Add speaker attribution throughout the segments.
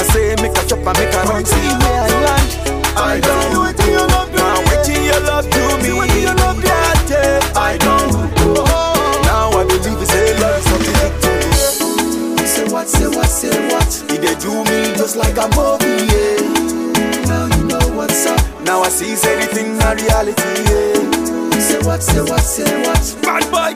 Speaker 1: I say make a chop and make a run. See where I land. I don't. Do it you love me. Now wait till you love to me. Wait you love me. I don't. Oh. Now I believe it's a love something. Say what? Say what? Say what? Did they do me just like a movie? Yeah. Now you know what's up. Now I see everything a reality. Yeah. Say what? Say what? Say what? Bad boy,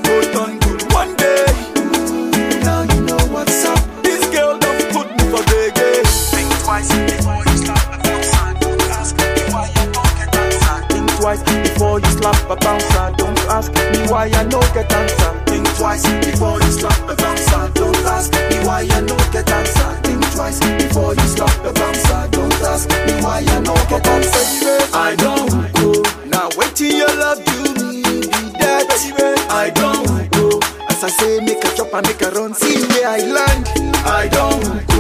Speaker 1: twice before you slap a bouncer. Don't ask me why I no get answer. Think twice before you slap a bouncer. Don't ask me why I no get answer. Think twice before you slap a bouncer. Don't ask me why I no get answer. I don't go now. Wait till your love you need that. I don't go as I say make a chop and make a run. See where I land. I don't go.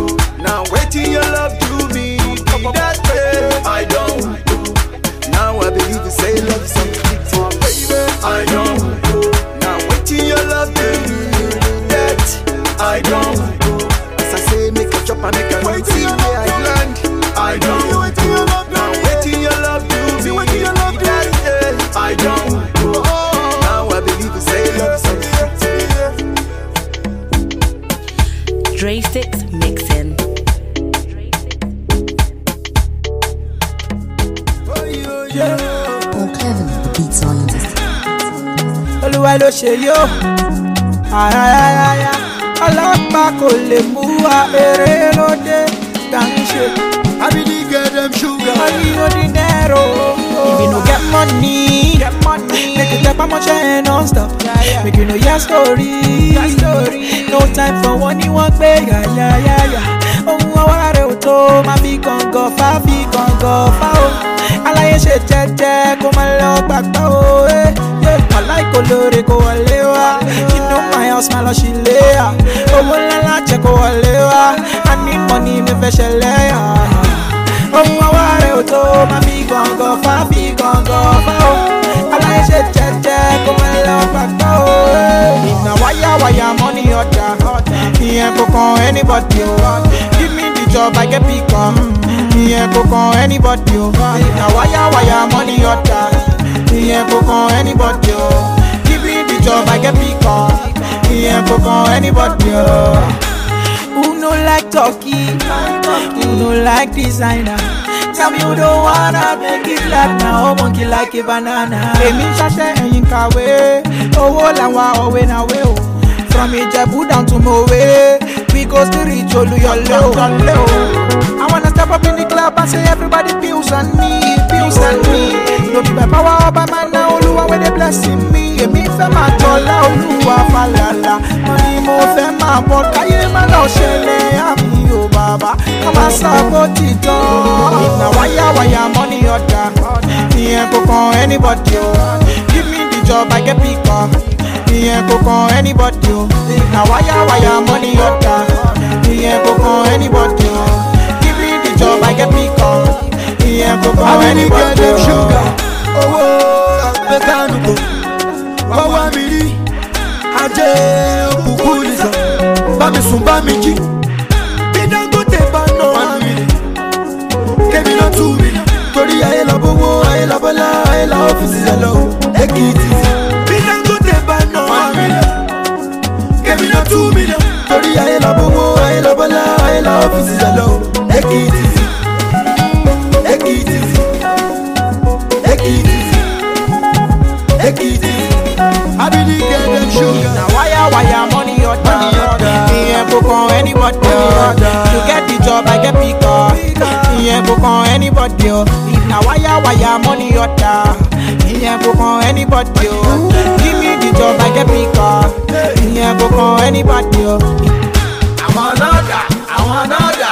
Speaker 2: ló ṣe yó àràràràrà ọlọ́pàá kò lè mú wa eré ló dé tá n ṣe. abidi get dem sugar. money no dey there o. no get money, get money. make you get pamọ́ṣẹ́ non-stop. Yeah, make you no hear story. Yeah, story. no time for one ni wọ́n gbé yàyàyàyà. ohun ọwọ́ rẹ̀ ò tó máa fi gàngàn fà fi gàngàn fà o. aláyé ṣe jẹ́jẹ́ kó má lọ gbàgbọ́ o. Eh. like olore go walewa You know my house my love she leya Owo lala check go walewa I need money me fe she leya Omo oh, awa re o oh, to ma fi gangan fa fi I like o Aláìṣe jẹjẹ kó má lọ pàtó o na wáyà wáyà money ọjà Ìyẹn kò kan anybody o oh, Give me the job I get pick up Ìyẹn kò kan anybody o na wáyà wáyà money ọjà. He ain't poke anybody, oh. Give me the job, I get pick on. He ain't poke anybody, oh. Who no like talkie? Who no like designer? Tell me who don't wanna make it like now, oh, monkey like a banana. Èmi ń ṣaṣẹ́ ẹ̀yìn kàwé, owó làwọn òwe náà wé o. From Ìjẹ̀bú down to Mòwe. go still reach Oluyole o. I wanna step up in the club and say everybody feels on me, feels on me. No be by power or by man now, Olúwa wey they blessing me. Èmi fẹ́ máa tọ́lá Olúwa falala. Mo ní mo fẹ́ máa bọ̀ káyé má lọ ṣẹlẹ̀ àmì o bàbá. Ká máa sábò títọ́. Na wáyàwáyà money ọ̀dà. Ìyẹn kò kan anybody o. Give me the job, I get pick up ìyẹn kò kan anybody o na wáyà wáyà money order ìyẹn kò kan anybody o give me the job i get me kan ìyẹn kò kan anybody o.
Speaker 1: owó àgbẹ̀kánukò wáwá mi rí ajé òkùnkùn nìsan bá mi sùn bá mi jí bí dangote bá nà ayé lọ bówó ayé lọ bọ́lá ayé lọ ọ́fíìsì ẹ̀ lọ èkìtì. ayé la bówó ayé la bọ́lá ayé la ọ́fíìsì sẹ́lọ̀ èkìtì èkìtì èkìtì èkìtì abidi gẹ̀ẹ́dẹ̀ ṣúgà.
Speaker 2: na waya waya money order ìyẹn kò kan anybody to get the job i get pick up ìyẹn kò kan anybody na waya waya money order ìyẹn kò kan anybody give me the job i get pick up yẹn kò kan anybody o. àwọn náà dà àwọn náà dà.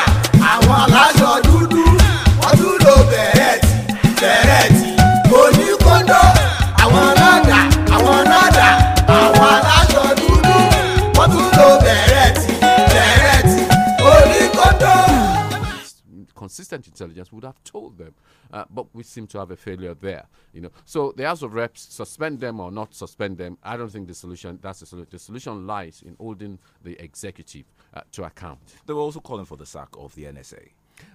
Speaker 3: Assistant Intelligence would have told them. Uh, but we seem to have a failure there. You know, so the House of Reps suspend them or not suspend them. I don't think the solution. That's the solution. The solution lies in holding the executive uh, to account. They were also calling for the sack of the NSA.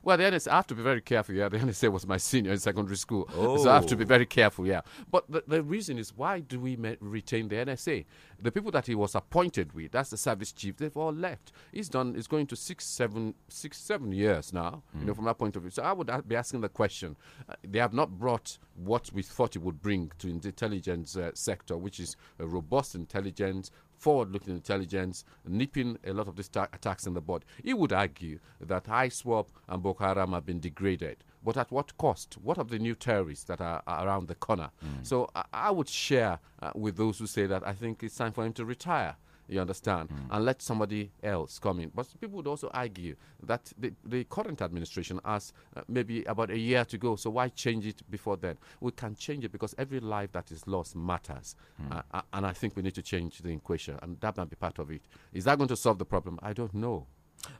Speaker 3: Well, the NSA, I have to be very careful. Yeah, the NSA was my senior in secondary school, oh. so I have to be oh. very careful. Yeah, but the, the reason is why do we retain the NSA? The people that he was appointed with, that's the service chief, they've all left. He's done. It's going to six, seven, six, seven years now. Mm. You know, hmm. from that point of view. So I would be asking the question: uh, They have not brought what we thought it would bring to the intelligence uh, sector, which is robust intelligence forward-looking intelligence, nipping a lot of these attacks in the bud. He would argue that ISWAP and Boko Haram have been degraded, but at what cost? What of the new terrorists that are, are around the corner? Mm. So I, I, would share uh, with those who say that I think it's time for him to retire. You understand? Mm. And let somebody else come in. But people would also argue that the, the current administration has uh, maybe about a year to go, so why change it before then? We can change it because every life that is lost matters. Mm. Uh, uh and I think we need to change the equation, and that might be part of it. Is that going to solve the problem? I don't know.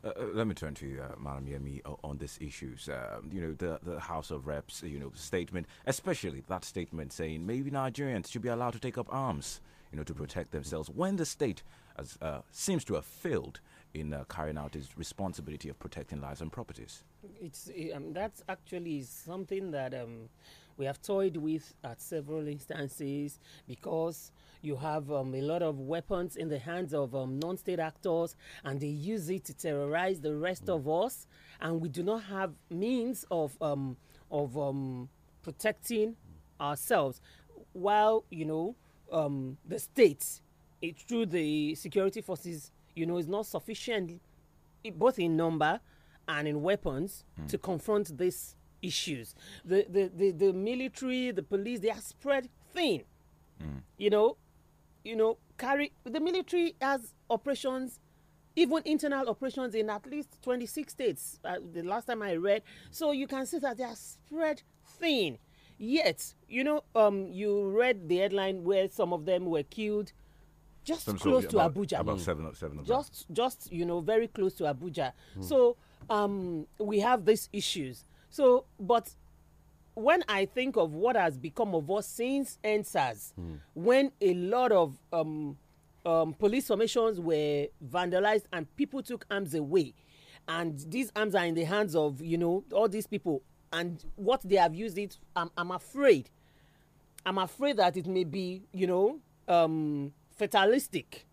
Speaker 3: Uh, uh let me turn
Speaker 4: to you, uh, Madam Yemi, on this issues. Um, you know, the, the House of Reps, you know, statement, especially that statement saying maybe Nigerians should be allowed to take up arms you know, to protect themselves when the state has, uh, seems to have failed in uh, carrying out its responsibility of protecting lives and properties.
Speaker 5: It's um, that's actually something that um, we have toyed with at several instances because you have um, a lot of weapons in the hands of um, non-state actors, and they use it to terrorize the rest mm. of us, and we do not have means of um, of um, protecting mm. ourselves. While you know um, the state it, eh, through the security forces, you know, is not sufficient, eh, both in number and in weapons, mm. to confront these issues. The, the, the, the, military, the police, they are spread thin. Mm. You know, you know, carry the military has operations, even internal operations in at least 26 states. Uh, the last time I read, so you can see that they are spread thin. Yet, you know, um, you read the headline where some of them were killed just some close sort of, to about, Abuja. About hmm. seven,
Speaker 4: seven Just,
Speaker 5: just you know, very close to Abuja. Mm. So um, we have these issues. So, but when I think of what has become of us since answers mm. when a lot of um, um, police formations were vandalized and people took arms away, and these arms are in the hands of you know all these people and what they have used it i'm, I'm afraid i'm afraid that it may be you know um, fatalistic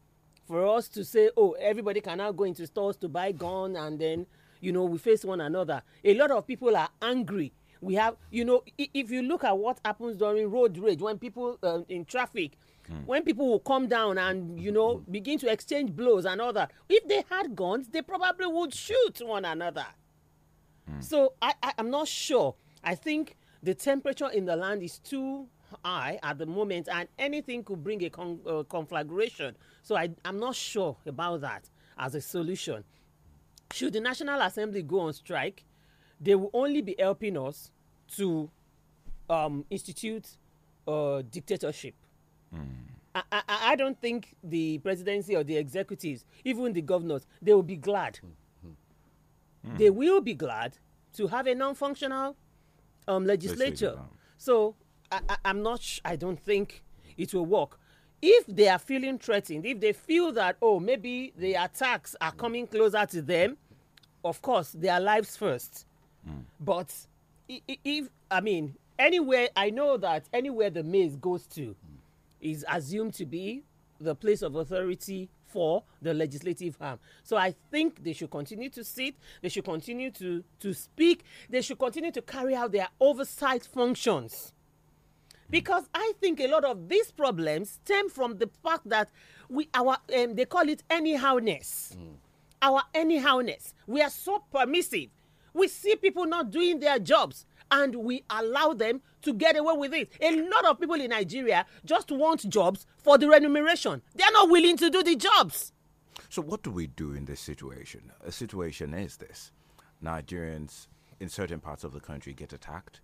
Speaker 5: for us to say oh everybody can now go into stores to buy gun and then you know we face one another a lot of people are angry we have you know if you look at what happens during road rage when people uh, in traffic mm. when people will come down and you know begin to exchange blows and other if they had guns they probably would shoot one another Mm. So I, I, am not sure. I think the temperature in the land is too high at the moment, and anything could bring a con, uh, conflagration. So I, I'm not sure about that as a solution. Should the National Assembly go on strike, they will only be helping us to um, institute a dictatorship. Mm. I, I, I, don't think the presidency or the executives, even the governors, they will be glad mm. Hmm. they will be glad to have a non-functional um, legislature. So I, am not. I don't think it will work. If they are feeling threatened, if they feel that oh maybe the attacks are coming closer to them, of course their lives first. Mm. But if I mean anywhere, I know that anywhere the maze goes to mm. is assumed to be the place of authority for the legislative arm. So I think they should continue to sit, they should continue to, to speak, they should continue to carry out their oversight functions. Because I think a lot of these problems stem from the fact that we our um, they call it anyhowness. Mm. Our anyhowness. We are so permissive. We see people not doing their jobs and we allow them to get away with it. A lot of people in Nigeria just want jobs for the remuneration. They are not willing to do the jobs.
Speaker 4: So, what do we do in this situation? A situation is this Nigerians in certain parts of the country get attacked.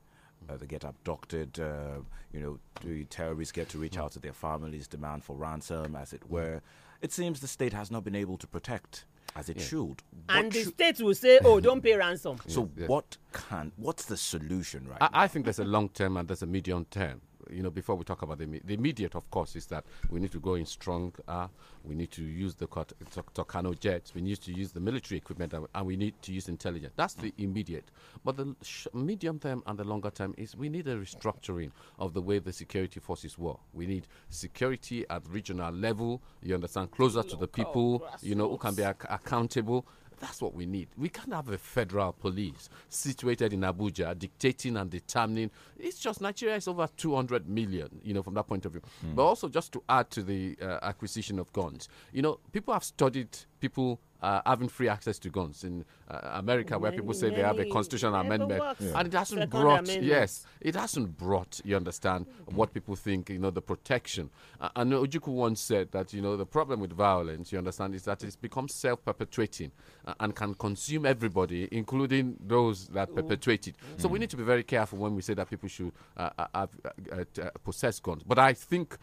Speaker 4: Uh, they get abducted. Uh, you know, the terrorists get to reach out to their families, demand for ransom, as it were. It seems the state has not been able to protect as it yeah. should. What
Speaker 5: and the states will say, "Oh, don't pay ransom." So what
Speaker 3: can? What's the solution, right? I, I think there's a long term and there's a medium term you know, before we talk about the, the immediate, of course, is that we need to go in strong. Uh, we need to use the Tokano jets. We need to use the military equipment, and we need to use intelligence. That's the immediate. But the medium term and the longer term is we need a restructuring of the way the security forces work. We need security at regional level. You understand, closer to the people. You know, who can be ac accountable. That's what we need. We can't have a federal police situated in Abuja dictating and determining. It's just Nigeria is over 200 million, you know, from that point of view. Mm. But also, just to add to the uh, acquisition of guns, you know, people have studied people uh, having free access to guns in uh, America, where people say they have a constitutional amendment, yeah. and it hasn't Second brought amendment. yes, it hasn't brought you understand what people think you know the protection. Uh, and Ojuku once said that you know the problem with violence, you understand, is that it's become self-perpetuating uh, and can consume everybody, including those that perpetrate it. Mm. So we mm. need to be very careful when we say that people should uh, uh, have, uh, possess guns. But I think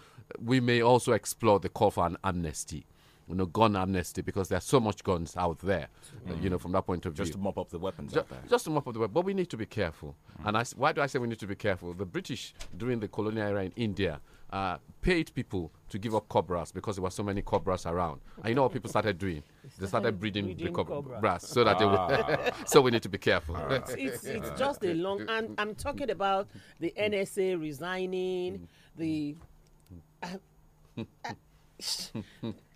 Speaker 3: we may also explore the call for an amnesty you know, gun amnesty because there's so much guns out there, mm. you know, from that point of view. Just to mop up the weapons just, just to mop up the weapons. But we need to be careful. Mm. And I, why do I say we need to be careful? The British, during the colonial era in India, uh, paid people to give up cobras because there were so many cobras around. And you know what people started doing? They started breeding, breeding cobras. cobras so that ah. they so we need to be careful. Ah. It's, it's, it's, just a long and I'm talking
Speaker 5: about the NSA resigning, the uh, uh,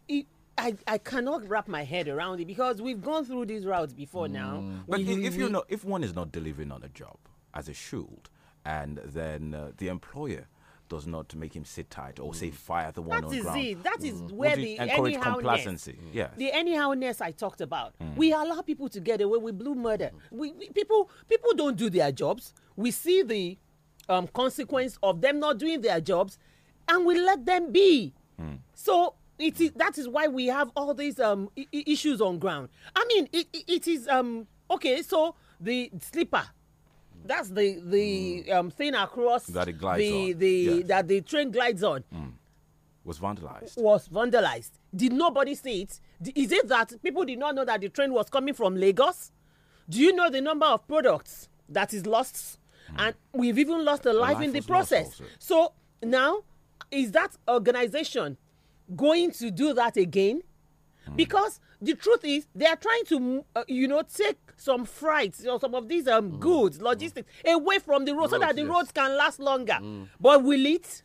Speaker 5: it, I, I cannot wrap my head around it because we've gone through these routes before mm. now.
Speaker 4: But we, if, you know, if one is not delivering on a job as it should, and then uh, the employer does not make him sit tight or mm. say fire the one that on is ground. It.
Speaker 5: That mm. is where the encourage complacency. Mm. Yeah. The anyhowness I talked about. Mm. We allow people to get away with blue murder. Mm. We, we, people people don't do their jobs. We see the um, consequence of them not doing their jobs, and we let them be. Mm. So it is that is why we have all these um I- issues on ground i mean it, it is um okay so the slipper that's the the mm. um thing across that it glides the on. the yes. that the train glides on
Speaker 4: mm. was vandalized
Speaker 5: was vandalized did nobody see it? Is it that people did not know that the train was coming from lagos do you know the number of products that is lost mm. and we've even lost a life, life in the process so now is that organization going to do that again? Hmm. Because the truth is, they are trying to, uh, you know, take some freights or some of these um, mm. goods, hmm. logistics away from the road roads, so that the yes. roads can last longer. Hmm. But will it?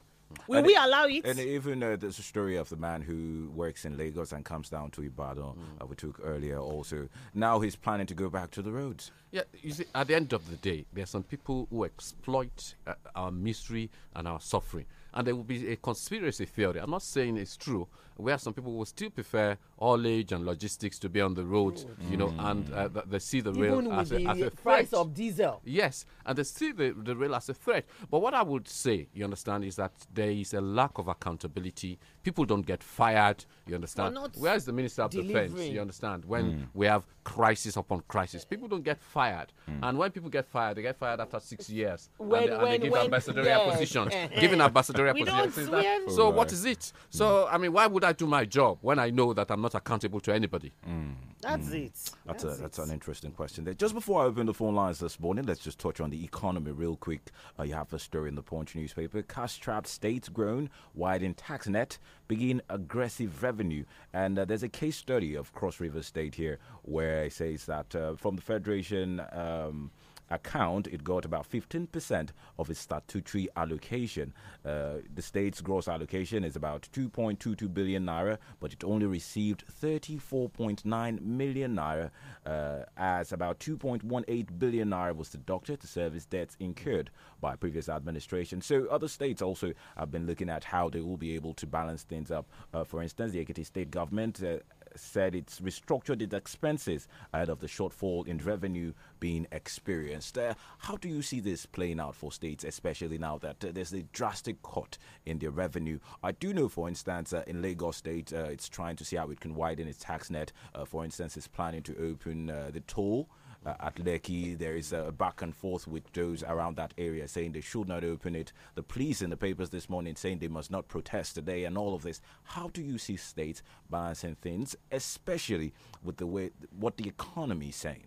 Speaker 5: Will and we it, allow it? And
Speaker 4: even uh, a story of the man who works in Lagos and comes down to Ibadan, mm. uh, we took earlier also. Now he's planning to go back to the roads.
Speaker 3: Yeah, you see, at the end of the day, there are some people who exploit uh, our misery and our suffering and there will be a conspiracy theory. I'm not saying it's true, where some people will still prefer haulage and logistics to be on the road, mm. you know, mm. and uh, they see the Even rail as a, as a price of diesel. Yes, and they see the, the rail as a threat. But what I would say, you understand, is that there is a lack of accountability. People don't get fired, you understand. Where is the Minister of delivering. Defense, you understand, when mm. we have crisis upon crisis? People don't get fired. Mm. And when people get fired, they get fired after six years. When, and they, when, and they give ambassadorial positions. given ambassadorial positions. So what is it? So, mm. I mean, why would I do my job when I know that I'm not accountable to anybody? Mm. That's mm. it. That's, that's a, it. an interesting question there. Just
Speaker 4: before I open the phone lines this morning, let's just touch on the economy real quick. Uh, you have a story in the Punch newspaper. Cash trapped states grown, widen tax net, begin aggressive revenue. And uh, there's a case study of Cross River State here where it says that uh, from the Federation. Um, account, it got about 15% of its statutory allocation. Uh, the state's gross allocation is about 2.22 billion naira, but it only received 34.9 million naira, uh, as about 2.18 billion naira was deducted to service debts incurred by previous administration. So other states also have been looking at how they will be able to balance things up. Uh, for instance, the Ekiti state government uh, said it's restructured its expenses ahead of the shortfall in revenue being experienced. Uh, how do you see this playing out for states, especially now that uh, there's a drastic cut in their revenue? I do know, for instance, uh, in Lagos State, uh, it's trying to see how it can widen its tax net. Uh, for instance, it's planning to open uh, the toll uh, at Lekki. There is a back and forth with those around that area saying they should not open it. The police in the papers this morning saying they must not protest today and all of this. How do you see states balancing things, especially with the way
Speaker 3: what the economy is saying?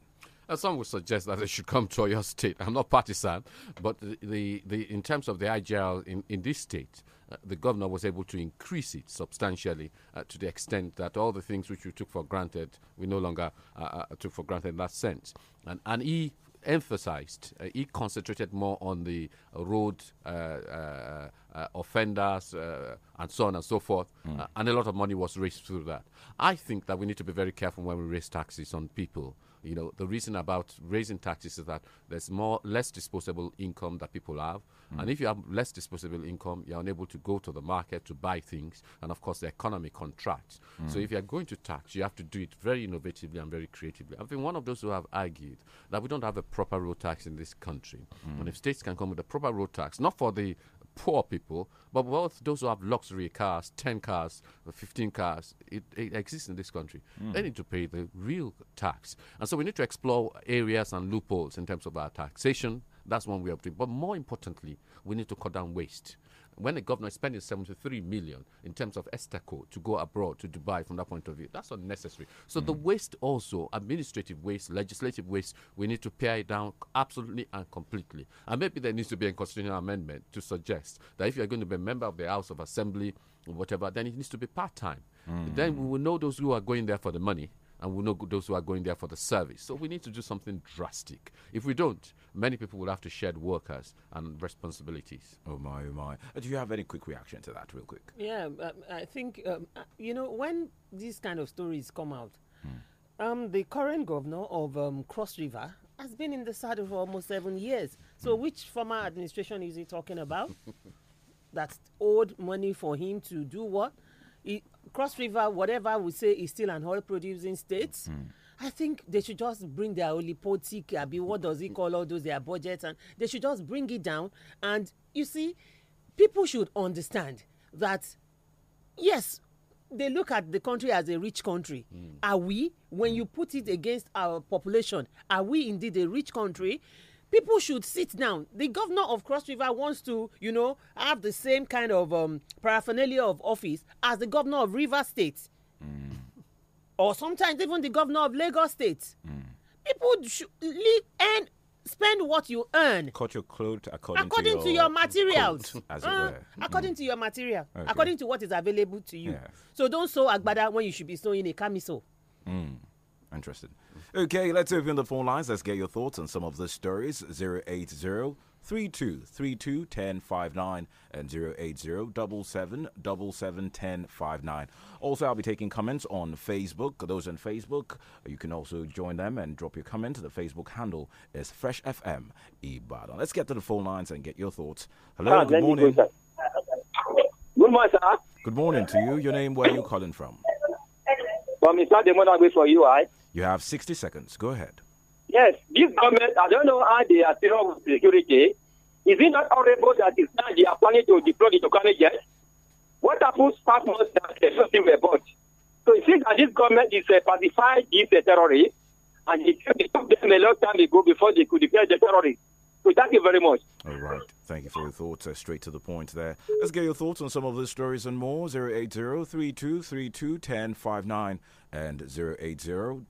Speaker 3: Uh, some would suggest that they should come to your state. I'm not partisan, but the, the, the in terms of the IGL in, in this state, the governor was able to increase it substantially uh, to the extent that all the things which we took for granted, we no longer uh, uh, took for granted in that sense. And, and he emphasized, uh, he concentrated more on the road uh, uh, uh offenders and so on and so forth. Mm. and a lot of money was raised through that. I think that we need to be very careful when we raise taxes on people you know, the reason about raising taxes is that there's more less disposable income that people have, mm. and if you have less disposable income, you're unable to go to the market to buy things, and of course the economy contracts. Mm. So if you're going to tax, you have to do it very innovatively and very creatively. I've been one of those who have argued that we don't have a proper road tax in this country, mm. and if states can come with a proper road tax, not for the poor people, but both those who have luxury cars, 10 cars, 15 cars, it, it exists in this country. Mm. They need to pay the real tax. And so we need to explore areas and loopholes in terms of our taxation. That's one way of doing it. But more importantly, we need to cut down waste when a governor is spending 73 million in terms of Estaco to go abroad to Dubai from that point of view, that's unnecessary. So mm. the waste also, administrative waste, legislative waste, we need to pare it down absolutely and completely. And maybe there needs to be a constitutional amendment to suggest that if you're going to be a member of the House of Assembly, whatever, then it needs to be part time. Mm. Then we will know those who are going there for the money and we know those who are going there for the service. So we need to do something drastic. If we don't, many people will have to shed workers and responsibilities. Oh my, oh my. Uh, do you have any quick reaction to that, real quick?
Speaker 5: Yeah, um, um, I think, um, uh, you know, when these kind of stories come out, hmm. um, the current governor of um, Cross River has been in the saddle for almost seven years. So hmm. which former administration is he talking about? That's owed money for him to do what? He, Cross River, whatever we say, is still an oil producing state. Mm. I think they should just bring their olipotic, I mean, what does he call all those, their budget, and they should just bring it down. And you see, people should understand that, yes, they look at the country as a rich country. Mm. Are we, when mm. you put it against our population, are we indeed a rich country? people should sit down. The governor of Cross River wants to, you know, have the same kind of um, paraphernalia of office as the governor of River State, mm. or sometimes even the governor of Lagos State. Mm. People should live and spend what you earn. Cut your clothes according, according to, your, to your materials. Coat, as uh, According mm. to your material. Okay. According to what is available to you. Yeah. So don't sew agbada when you should be sewing a camisole.
Speaker 4: Mm. Interesting. Okay, let's open the phone lines. Let's get your thoughts on some of the stories. 080 3232 1059 and 080-7777-1059. Also, I'll be taking comments on Facebook. Those on Facebook, you can also join them and drop your comment. The Facebook handle is Fresh FM Ibadan. Let's get to the phone lines and get your thoughts. Hello, ah, good morning. Go, good morning, sir. Good morning to you. Your name, where are you calling from? From Mr. Demona, for you, I. Right? You have 60 seconds. Go ahead.
Speaker 6: Yes, this
Speaker 7: government, I don't know how they are dealing with security. Is it not horrible that it's now they are planning to deploy the Tokane What happens five months that they were bought? So it seems that this government is uh, pacified these uh, terrorists, and it took them a long time ago before they could declare the terrorists thank you very much.
Speaker 4: All right. Thank you for your thoughts. Uh, straight to the point there. Let's get your thoughts on some of the stories and more. 80 3232 and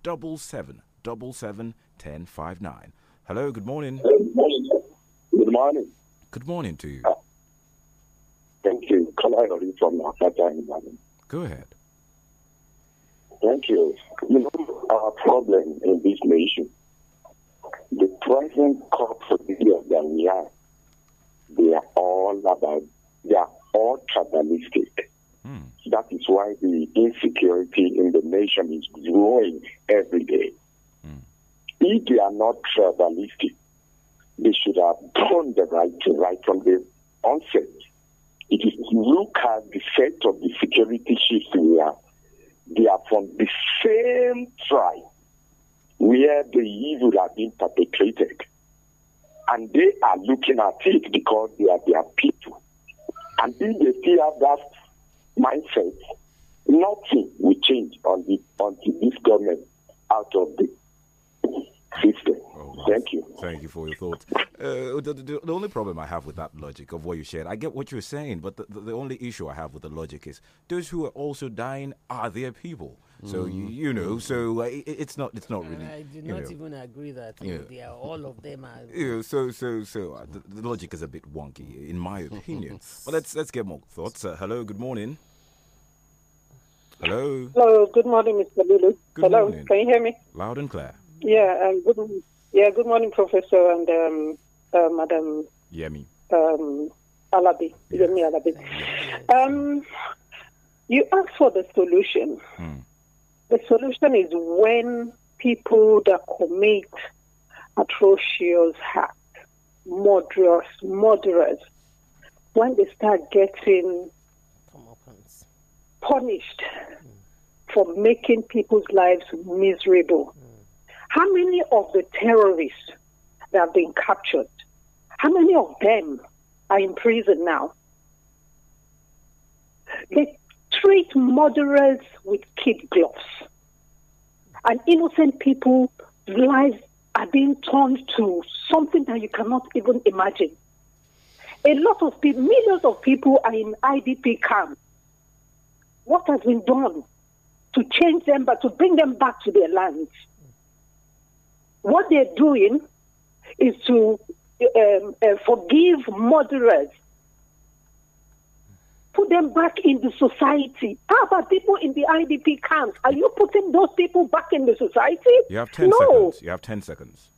Speaker 4: 080-7777-1059. Hello, good morning. Good morning. Good morning. Good morning to you. Thank you. Kalai from Go ahead.
Speaker 7: Thank you. You know, our problem in this nation the present crop for the year of they are all about, they are all tribalistic. Mm. That is why the insecurity in the nation is growing every day. Mm. If they are not tribalistic, they should have done the right thing right from the onset. It is look at the set of the security chiefs here, they are from the same tribe where the evil has been perpetrated. And they are looking at it because they are their people. And if they still have that mindset, nothing will change on the, until this government out of the Oh,
Speaker 4: Thank you. Thank you for your thoughts. Uh, the, the, the, only problem I have with that logic of what you shared, I get what you're saying, but the, the, only issue I have with the logic is those who are also dying are their people. Mm. So you, you, know, so uh, it, it's not it's not really. I do not know. even agree that yeah. they are
Speaker 5: all of them are. Yeah,
Speaker 4: so so so uh, the, logic is a bit wonky, in my opinion. but let's let's get more thoughts. Uh, hello, good morning. Hello.
Speaker 6: Hello. Good morning, Mr. Lulu. Good Hello. Morning. Can you hear me?
Speaker 4: Loud and clear.
Speaker 6: Yeah, um, good, yeah, good morning, Professor and um, uh, Madam Yemi. Um, Alabi, yeah. Yemi Alabi. Um, you asked for the solution. Hmm. The solution is when people that commit atrocious acts, murderous, murderers, when they start getting punished for making people's lives miserable, how many of the terrorists that have been captured, how many of them are in prison now? They treat murderers with kid gloves. And innocent people's lives are being turned to something that you cannot even imagine. A lot of people, millions of people are in IDP camps. What has been done to change them, but to bring them back to their lands? What they're doing is to um, uh, forgive murderers, put them back in the society. How about people in the IDP camps? Are you putting those people back in the society? You have 10 no. seconds.
Speaker 4: You have 10 seconds.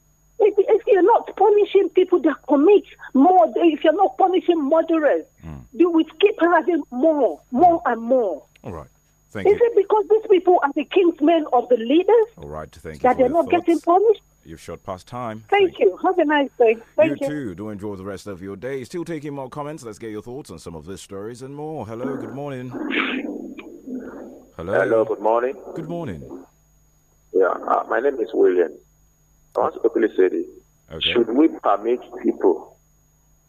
Speaker 6: If, if, you're not punishing people that commit more, if you're not punishing murderers, mm. will keep having more, more and more. All right. Thank Is you. it because these people are the kingsmen of the leaders? All
Speaker 4: right. Thank you. That they're not thoughts. getting punished? You've shot past time.
Speaker 6: Thank, Thank you. Have a nice day. Thank you, you,
Speaker 4: too. Do enjoy the rest of your day. Still taking more comments. Let's get your thoughts on some of these stories and more. Hello. Good morning. Hello. Hello. Good morning. Good morning. Yeah. Uh, my name is William. I want to quickly say this.
Speaker 7: Okay. Should we permit people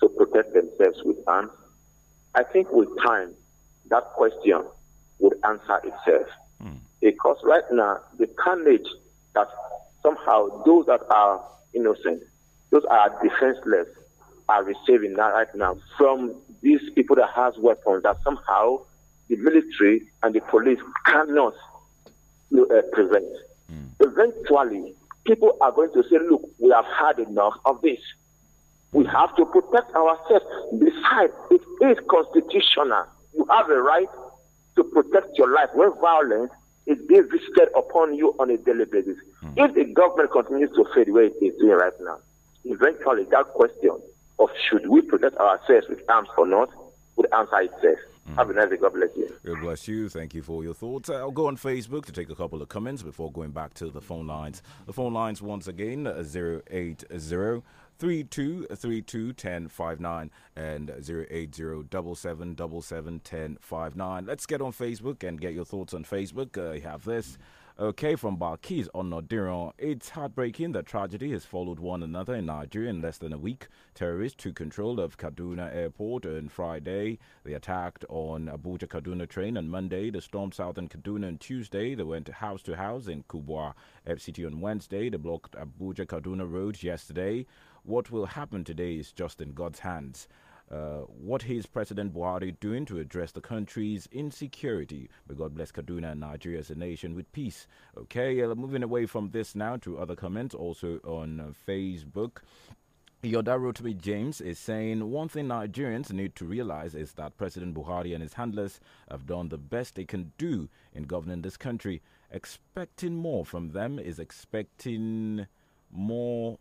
Speaker 7: to protect themselves with arms? I think with time, that question would answer itself. Hmm. Because right now, the carnage that somehow those that are innocent, those are defenseless, are receiving that right now from these people that has weapons that somehow the military and the police cannot uh, prevent. Mm. Eventually, people are going to say, look, we have had enough of this. We have to protect ourselves. Besides, it is constitutional. You have a right to protect your life when violence is being visited upon you on a daily basis. Hmm. If the government continues to fail the way it is doing right now, eventually that question of should we protect ourselves with arms or not
Speaker 4: would answer itself. Mm. Have a nice day. God bless you. God bless you. Thank you for your thoughts. I'll uh, go on Facebook to take a couple of comments before going back to the phone lines. The phone lines, once again, uh, 080 three two ten five nine and zero double seven let Let's get on Facebook and get your thoughts on Facebook. Uh, you have this. Mm. Okay, from Barkis on Nodiron, it's heartbreaking that tragedy has followed one another in Nigeria in less than a week. Terrorists took control of Kaduna Airport on Friday. They attacked on Abuja Kaduna train on Monday. They stormed southern Kaduna on Tuesday. They went house to house in Kubwa FCT on Wednesday. They blocked Abuja Kaduna road yesterday. What will happen today is just in God's hands. Uh, what is President Buhari doing to address the country's insecurity? May God bless Kaduna and Nigeria as a nation with peace. Okay, uh, moving away from this now to other comments also on uh, Facebook. Yoda wrote to me, James is saying one thing Nigerians need to realize is that President Buhari and his handlers have done the best they can do in governing this country. Expecting more from them is expecting more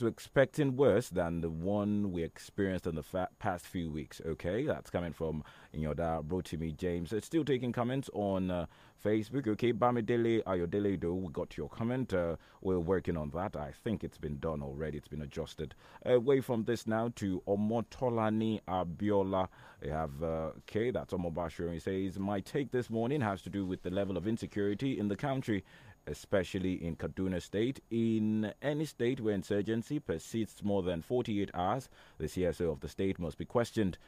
Speaker 4: to expecting worse than the one we experienced in the fa- past few weeks. Okay, that's coming from Nyoda Brotimi James. It's still taking comments on uh, Facebook. Okay, Bamidele Ayodele Do, we got your comment. Uh, we're working on that. I think it's been done already, it's been adjusted. Away from this now to Omotolani Abiola. We have, uh, okay, that's He says, My take this morning has to do with the level of insecurity in the country especially in Kaduna State. In any state where insurgency persists more than 48 hours, the CSO of the state must be questioned.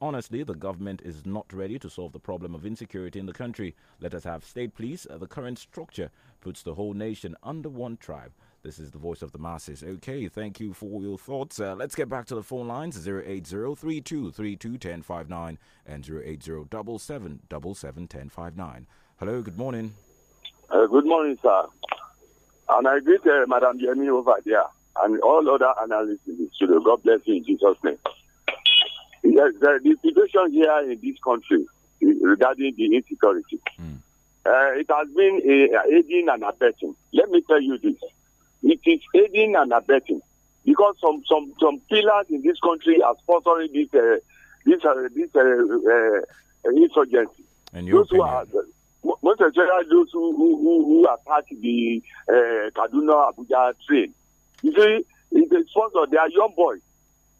Speaker 4: honestly, the government is not ready to solve the problem of insecurity in the country. Let us have state police. Uh, the current structure puts the whole nation under one tribe. This is the voice of the masses. Okay, thank you for your thoughts. Uh, let's get back to the phone lines three two ten five nine and double seven ten five nine. Hello, good morning.
Speaker 7: Uh, good morning, sir. And I greet uh, Madam Yemi over there and all other analysts in the studio. God bless you in Jesus' name. Yes, the, the situation here in this country regarding the insecurity, mm. uh, it has been uh, aiding and abetting. Let me tell you this. It is aiding and abetting because some, some, some pillars in this country are sponsoring this, uh, this, uh, this uh, uh, insurgency. And your Those opinion. who are of those who, who, who attacked the uh, Kaduna Abuja train, you see, it's sponsored, they are young boys.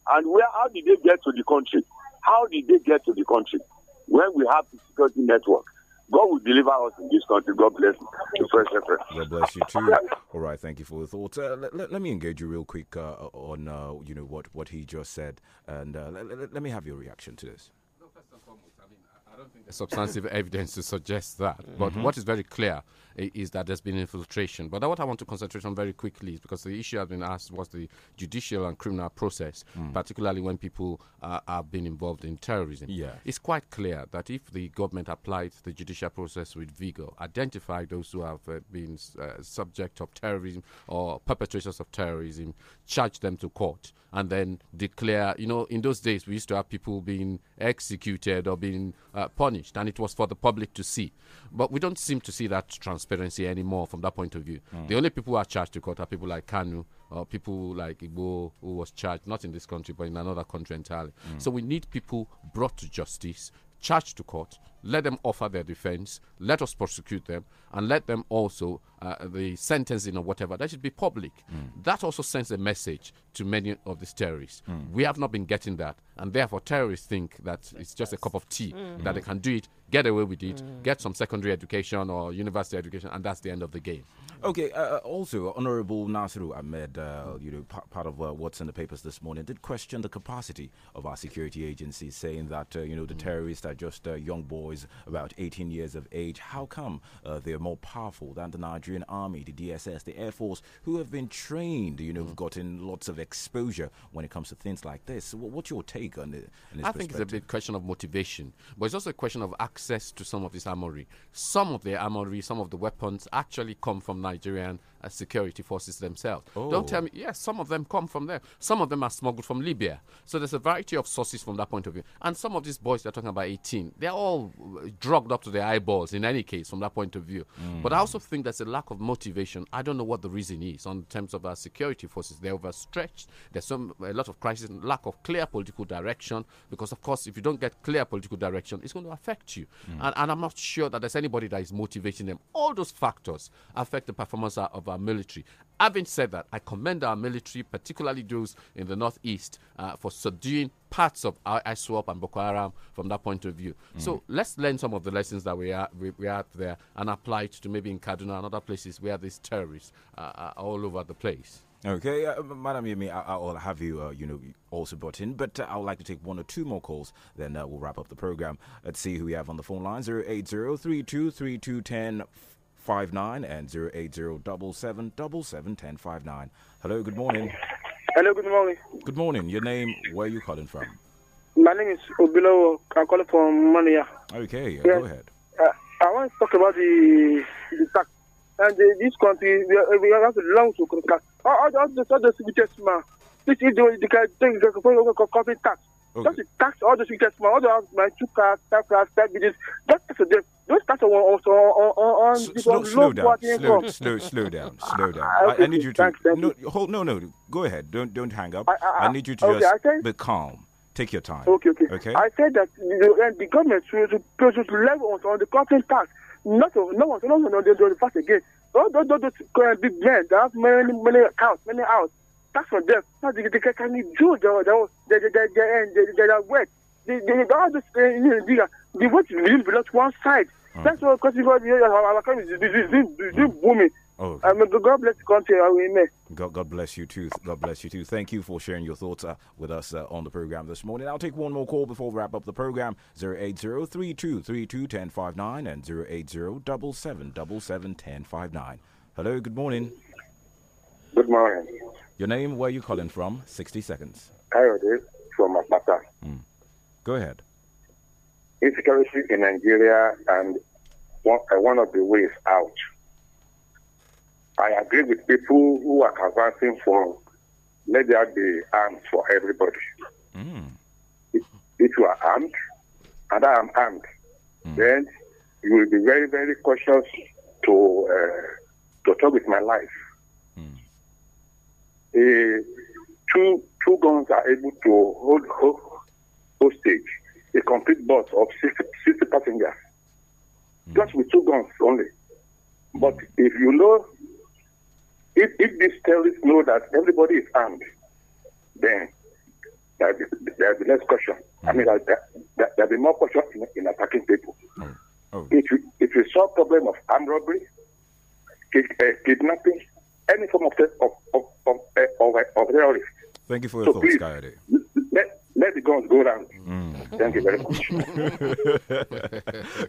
Speaker 7: And where, how did they get to the country? How did they get to the country? When we have the security network, God will deliver us in
Speaker 4: this country. God bless you. God bless you too. All right, thank you for the thoughts. Uh, let, let, me engage you real quick uh, on uh, you know what, what he just said, and uh, let, let, me have your
Speaker 3: reaction to this. I don't think there's substantive evidence to suggest that. Mm -hmm. But mm-hmm. what is very clear is that there's been infiltration. But what I want to concentrate on very quickly is because the issue has been asked was the judicial and criminal process, mm. particularly when people uh, have been involved in terrorism. Yeah. It's quite clear that if the government applied the judicial process with vigor, identify those who have uh, been uh, subject of terrorism or perpetrators of terrorism, charge them to court, and then declare, you know, in those days we used to have people being executed or being uh, punished, and it was for the public to see. But we don't seem to see that trans transparency anymore from that point of view. Mm. The only people who are charged to court are people like Kanu or people like Igbo who was charged, not in this country, but in another country entirely. Mm. So we need people brought to justice Charge to court. Let them offer their defense. Let us prosecute them and let them also, uh, the sentencing or whatever, that should be public. Mm. That also sends a message to many of these terrorists. Mm. We have not been getting that. And therefore, terrorists think that it's just a cup of tea, mm. that they can do it, get away with it, mm. get some secondary education or university education, and that's the end of the game.
Speaker 4: Okay. Uh, uh also, uh, Honorable Nasiru Ahmed, uh, you know, part of uh, what's in the papers this morning, did question the capacity of our security agencies, saying that uh, you know the mm. terrorists are just young boys about 18 years of age. How come they're more powerful than the Nigerian army, the DSS, the Air Force, who have been trained,
Speaker 3: you know, mm. gotten lots of exposure when it comes to things like this? What's your take on it? I think it's a big question of motivation, but it's also a question of access to some of this armory. Some of the armory, some of the weapons actually come from Nigeria Around uh, security forces themselves. Oh. Don't tell oh. me, yes, yeah, some of them come from there. Some of them are smuggled from Libya. So there's a variety of sources from that point of view. And some of these boys, they're talking about 18, they're all uh, drugged up to their eyeballs in any case from that point of view. Mm. But I also think there's a lack of motivation. I don't know what the reason is on terms of our security forces. They're overstretched. There's some a lot of crisis, lack of clear political direction. Because, of course, if you don't get clear political direction, it's going to affect you. Mm. And, and I'm not sure that there's anybody that is motivating them. All those factors affect the performance of our our military. Having said that, I commend our military, particularly those in the northeast, uh, for subduing parts of our ISWAP and Boko Haram from that point of view. Mm. So let's learn some of the lessons that we are we, we are there and apply it to maybe in Kaduna and other places where these terrorists uh, are all over the place. Okay,
Speaker 4: uh, Madam Yemi, I, will have you, uh, you know, also brought in, but uh, I would like to take one or two more calls, then uh, we'll wrap up the program. Let's see who we have on the phone line 080 1059 and double seven ten five nine. Hello, good morning. Hello, good morning. Good morning. Your name, where are you calling from?
Speaker 7: My name is Obilo. I'm calling from Mania.
Speaker 4: Okay, yeah, yes. go ahead.
Speaker 7: Uh, I want to talk about the, the tax. And this country, we, are, we have a long to contract. All, just the, all the, all the, all the, all the, all the, all the, the, the, the, the, the, the, the, Okay. Just tax all those things, all the my two cars, five cars, five business. Just the them. Those tax on also on
Speaker 6: on on. S- slow, slow down. Slow, ah, slow,
Speaker 4: slow down. Slow down. I, I, need you to no, hold. No, no. Go ahead. Don't don't hang up. I, I, I need you to okay, just think, be calm. Take your time. Okay, okay. Okay. I
Speaker 7: said that you uh, the government should should, level on, on the corporate tax. Not on, no on, no on, on the, the, the tax again. All those, those, those uh, big men that have many many accounts, many houses. That's on them. Now they, they can do their their their their their, their, their, their work. They they all just uh, know they want to live to one side. That's what because because our economy is booming. Oh, um, God bless the country.
Speaker 4: God, God bless you too. God bless you too. Thank you for sharing your thoughts uh, with us uh, on the program this morning. I'll take one more call before we wrap up the program. 08032321059 and 08077771059. Hello, good morning. Good morning. Your name, where you calling from? 60 seconds.
Speaker 7: Kayode from Apata. Mm. Go ahead. Insecurity in Nigeria and one, uh, one of the ways out. I agree with people who are advancing for let there be arms for everybody. Mm. If, if, you are armed, and I am armed, mm. then you will be very, very cautious to uh, to talk with my life. Eh, two two guns are able to hold hostage a complete bus of 60, 60 passengers, mm. just with two guns only. But if you know, if, if these terrorists know that everybody is armed, then there'll be, there'll be less caution. Mm. I hmm. mean, there, there'll be more caution in, in attacking people. Mm. Oh. If, you, if you solve problem of armed robbery, eh, kidnapping, any form of, of, of, of, of, eh, of eh,
Speaker 4: Thank you for your so thoughts, Coyote.
Speaker 7: Let, let the guns go round.
Speaker 4: Mm. Thank you very much.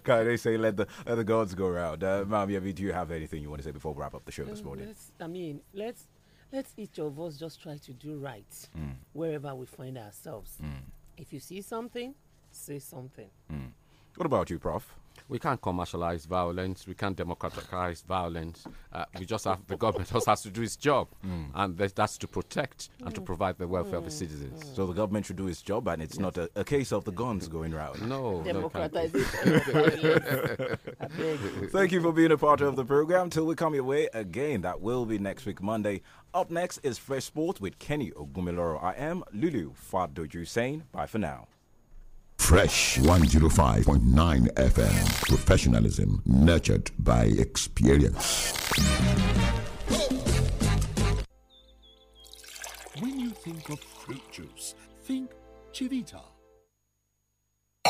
Speaker 4: God, they say let the let the gods go round. Uh, Ma'am, do you have anything you want to say before we wrap up the show um, this morning?
Speaker 5: I mean, let's let each of us just try to do right mm. wherever we find ourselves. Mm. If you see something, say something.
Speaker 3: Mm. What about you, Prof? we can't commercialize violence. We can't democratize violence. Uh, we just have the government just has to do its job, mm. and that's to protect and to mm. provide the welfare mm. of the mm. citizens. Mm. So the government should do its job, and it's yes. not a, a, case of the
Speaker 4: guns going round. No, democratization. No Thank you for being a part of the program. Till we come your way again, that will be next week Monday. Up next is Fresh Sports with Kenny Ogumiloro. I am Lulu Fadoju Sane. Bye for now.
Speaker 7: Fresh 105.9 FM. Professionalism nurtured by experience.
Speaker 8: When you think of fruit juice, think Chivita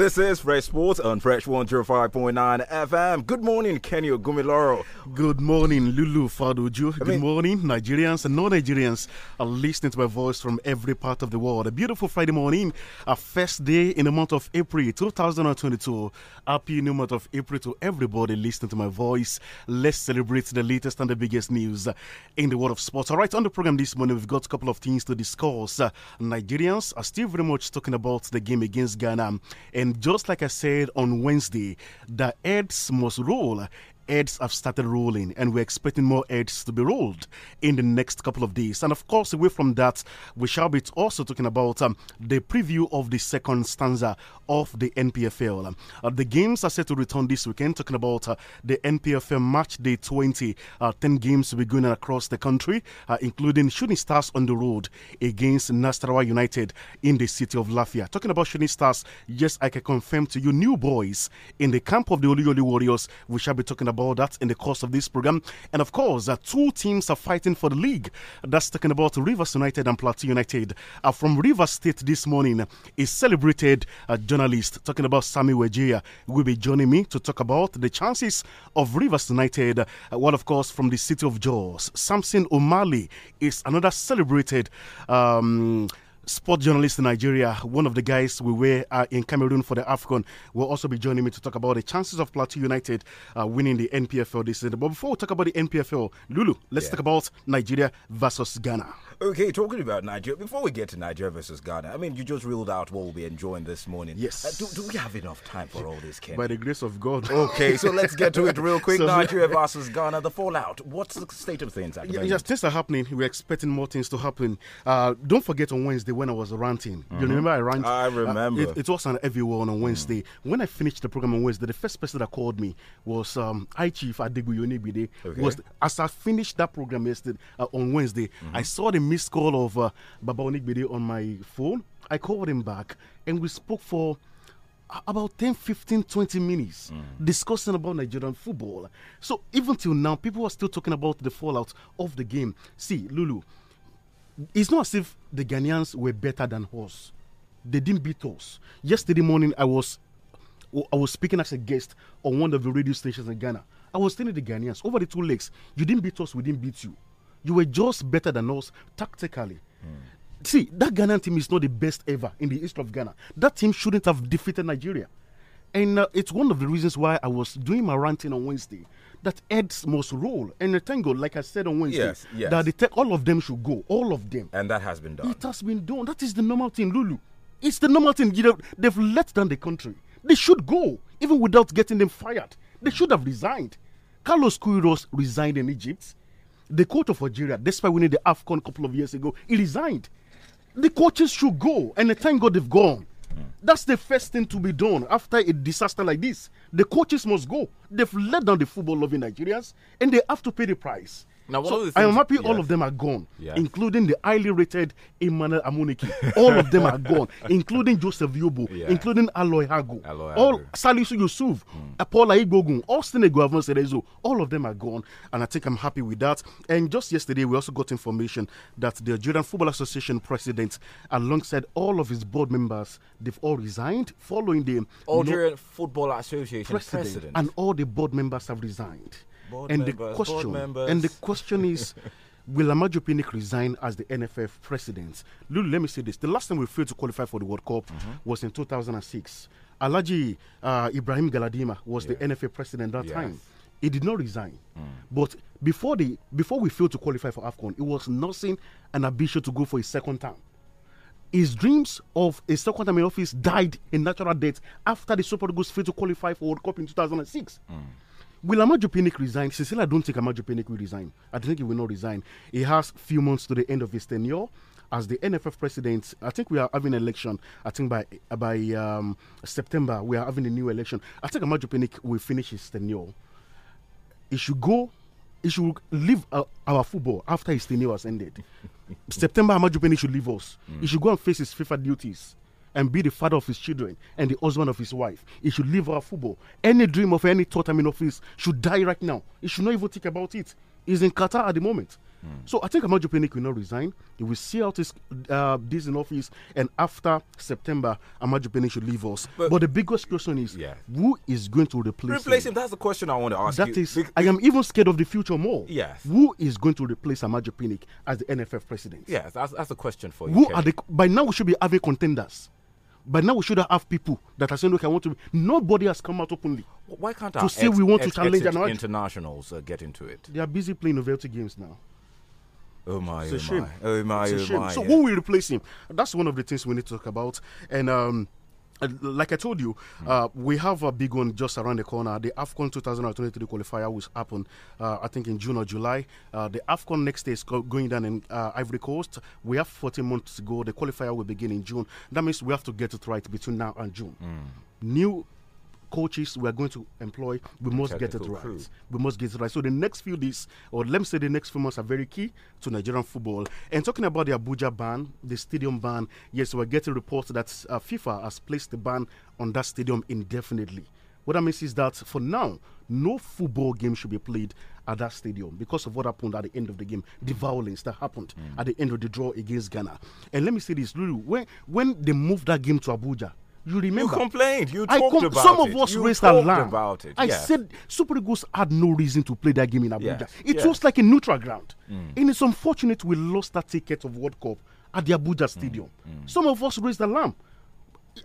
Speaker 4: This is Fresh Sports on Fresh 105.9 FM.
Speaker 9: Good morning, Kenny Ogumiloro. Good morning, Lulu Fadoju. Good I mean, morning, Nigerians and non Nigerians are listening to my voice from every part of the world. A beautiful Friday morning, our first day in the month of April 2022. Happy new month of April to everybody listening to my voice. Let's celebrate the latest and the biggest news in the world of sports. All right, on the program this morning, we've got a couple of things to discuss. Nigerians are still very much talking about the game against Ghana and and just like I said on Wednesday, the heads must roll Ads have started rolling, and we're expecting more ads to be rolled in the next couple of days. And of course, away from that, we shall be also talking about um, the preview of the second stanza of the NPFL. Uh, the games are set to return this weekend, talking about uh, the NPFL match day 20. Uh, 10 games will be going across the country, uh, including Shooting Stars on the road against Nastarawa United in the city of Lafia. Talking about Shooting Stars, yes, I can confirm to you, new boys in the camp of the Oli Warriors, we shall be talking about about that in the course of this program. And of course, uh, two teams are fighting for the league. That's talking about Rivers United and Plateau United. Uh, from Rivers State this morning, a celebrated uh, journalist talking about Sami Wejia will be joining me to talk about the chances of Rivers United. Uh, well, of course, from the city of Jaws, Samson O'Malley is another celebrated. Um, sport journalist in Nigeria, one of the guys we were uh, in Cameroon for the AFCON, will also be joining me to talk about the chances of Plateau United uh, winning the NPFL this season. But before we talk about the NPFL, Lulu, let's yeah. talk about Nigeria versus Ghana.
Speaker 4: Okay, talking about Nigeria, before we get to Nigeria versus Ghana, I mean, you just ruled out what we'll be enjoying this morning. Yes. Uh, do, do, we have enough time for all this, Ken? By the
Speaker 9: grace of God. Okay, so let's get to it real quick. So, Nigeria
Speaker 4: versus Ghana, the fallout. What's the state of things at the yeah, Yes,
Speaker 9: things are happening. We're expecting more things to happen. Uh, don't forget on Wednesday when I was ranting. Mm-hmm. You remember I ranted? I remember. Uh, it, it, was on everyone on Wednesday. Mm-hmm. When I finished the program on Wednesday, the first person that called me was um, I Chief Adigbu Yonibide. Okay. Was, as I finished that program yesterday uh, on Wednesday, mm-hmm. I saw the missed call of uh, Babaonik on my phone. I called him back and we spoke for about 10, 15, 20 minutes mm. discussing about Nigerian football. So even till now, people are still talking about the fallout of the game. See, Lulu, it's not as if the Ghanaians were better than us. They didn't beat us. Yesterday morning, I was I was speaking as a guest on one of the radio stations in Ghana. I was telling the Ghanaians over the two legs, you didn't beat us, we didn't beat you. You were just better than us tactically.
Speaker 10: Mm.
Speaker 9: See, that Ghana team is not the best ever in the history of Ghana. That team shouldn't have defeated Nigeria. And uh, it's one of the reasons why I was doing my ranting on Wednesday that heads must roll. And uh, tango, like I said on Wednesday, yes, yes. that all of them should go. All of them.
Speaker 4: And that has been
Speaker 9: done. It has been done. That is the normal thing, Lulu. It's the normal thing. You know, they've let down the country. They should go, even without getting them fired. They should have resigned. Carlos Queiroz resigned in Egypt. The coach of Algeria, despite winning the AFCON a couple of years ago, he resigned. The coaches should go, and thank God they've gone. Hmm. That's the first thing to be done after a disaster like this. The coaches must go. They've let down the football loving Nigerians, and they have to pay the price. Now, so, I'm happy yes. all of them are gone, yes. including the highly rated Emmanuel Amuniki. all of them are gone, including Joseph Yobo, yeah. including Aloy Hago, Aloy all Salisu Yusuf, mm. Aigogun, Austin Eguavon All of them are gone, and I think I'm happy with that. And just yesterday, we also got information that the Nigerian Football Association president, alongside all of his board members, they've all resigned following the Nigerian
Speaker 4: no Football Association president, president, and
Speaker 9: all the board members have resigned. Board and members, the question and the question is will Amaju Pinnick resign as the NFF president? Lulu, let me say this. The last time we failed to qualify for the World Cup mm -hmm. was in 2006. Alaji uh, Ibrahim Galadima was yeah. the NFF president that yes. time. He did not resign. Mm. But before the before we failed to qualify for AFCON, it was nothing an ambition to go for a second time. His dreams of a second time in office died a natural death after the Super Eagles failed to qualify for World Cup in 2006. Mm. Will Pinnick resign? Cecil, I don't think Pinnick will resign. I think he will not resign. He has few months to the end of his tenure as the NFF president, I think we are having an election. I think by by um, September we are having a new election. I think Amaju Pinnick will finish his tenure. He should go. He should leave uh, our football after his tenure has ended. September Amaju Pinnick should leave us. Mm. He should go and face his FIFA duties and be the father of his children and the husband of his wife. He should leave our football. Any dream of any thought, I mean, of his should die right now. He should not even think about it. He's in Qatar at the moment. Mm. So I think Amaju Pinnick will not resign. He will see out his uh, this in office, and after September, Amaju Pinnick should leave us. But, but, the biggest question is, yeah. who is going to replace, replace
Speaker 4: him? him? That's the question I want to ask. That you. is,
Speaker 9: I am even scared of the future more. Yes. Who is going to replace Amaju Pinnick as the NFF president? Yes, that's, that's the
Speaker 4: question for you. Who
Speaker 9: are the, by now we should be having contenders. But now we should have people that are saying, "Look, I want to." Be. Nobody has come out openly. Why can't to say we want to challenge
Speaker 4: internationals uh, get into it?
Speaker 9: They are busy playing novelty games now.
Speaker 4: Oh my! It's oh a shame. My. Oh my! It's oh a shame. My, so yeah.
Speaker 9: who will replace him? That's one of the things we need to talk about. And um, uh, like I told you, uh, we have a big one just around the corner. The AFCON 2023 qualifier will happen, uh, I think, in June or July. Uh, the AFCON next day is going down in uh, Ivory Coast. We have 14 months to go. The qualifier will begin in June. That means we have to get it right between now and June. Mm. New coaches we are going to employ, we must get it right. Crew. We must get it right. So the next few days, or let me say the next few months, are very key to Nigerian football. And talking about the Abuja ban, the stadium ban, yes, we're getting reports that uh, FIFA has placed the ban on that stadium indefinitely. What I mean is that for now, no football game should be played at that stadium because of what happened at the end of the game, the violence that happened mm. at the end of the draw against Ghana. And let me say this, Lulu, when when they moved that game to Abuja, you remember? You complained. You talked com about Some of us you raised alarm about it. I said Super Eagles had no reason to play that game in Abuja. Yes. It yes. was like a neutral ground, mm. and it's unfortunate we lost that ticket of World Cup at the Abuja mm. Stadium. Mm. Some of us raised alarm.